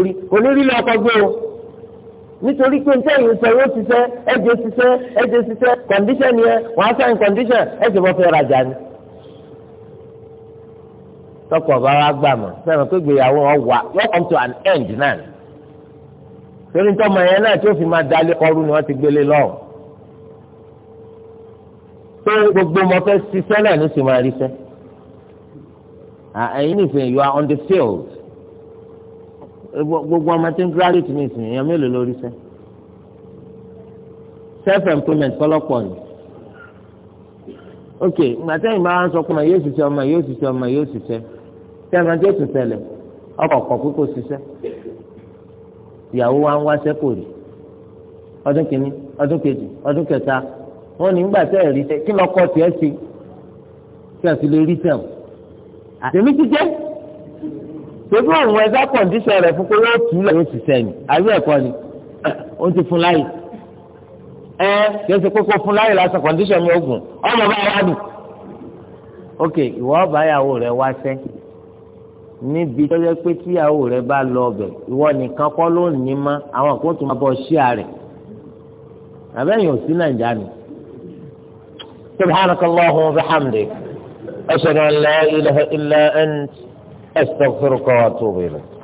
dàrí o nítorí pé sọ yóò ti sẹ́ ẹ̀jẹ̀ ti sẹ́ ẹ̀jẹ̀ ti tọkọ ọba wa gbà mọ sẹ́mi pé gbéyàwó wọn wà yóò come to an end náà torí tọmọ yẹn náà tó fi máa dalé kọrú ni wọ́n ti gbélé lọ́wọ́ pé gbogbo ọmọ fẹ́ ṣiṣẹ́ náà ló sì máa rí sẹ́ ẹ̀yin you are on the field gbogbo ọmọ tí ń graduate ní ìsìn èèyàn mélòó lórí sẹ́ self employment kọ́lọ́pọ̀ ni ok gbàtẹ́yìn máa ń sọ pé yóò ṣiṣẹ́ ọmọ yóò ṣiṣẹ́ ọmọ yóò ṣiṣẹ́ sẹ́mi tí ó tún ṣẹlẹ̀ ọkọ̀ kọ̀ pé kò ṣiṣẹ́ ìyàwó wa ń wáṣẹ́ kò rí ọdún kìíní ọdún kejì ọdún kẹta wọn ní gbà tẹ́ ẹ̀ rí tẹ́ kí lọ́kọ tiẹ̀ ṣe kí ẹ̀ fi lè rí tẹ̀ wọ́n. àtẹ̀mí ti jẹ́ pẹ̀lú àwọn ẹ̀dá kọ̀ǹdíṣọ̀ rẹ̀ fún pé tù ú lẹ̀ yóò ti sẹ́yìn ẹ̀kọ́ ni ó ti fún láyè ẹ kì í ṣe kókó fún láyè lásán kọ̀ǹdíṣọ̀ mi ó ọmọ bá wà nù. ok ìwọ ọba rẹ wá sẹ́yìn níbi tó yẹ pé tíyàwó rẹ bá lọ ọbẹ̀ ìwọ nìkan kọ́ ló ní mọ́ àwọn kò tún máa bọ̀ ṣíà àbẹ́yìn òsín nàìjà ni. سبحانك اللهم وبحمدك أشهد أن لا إله إلا أنت أستغفرك وأتوب إليك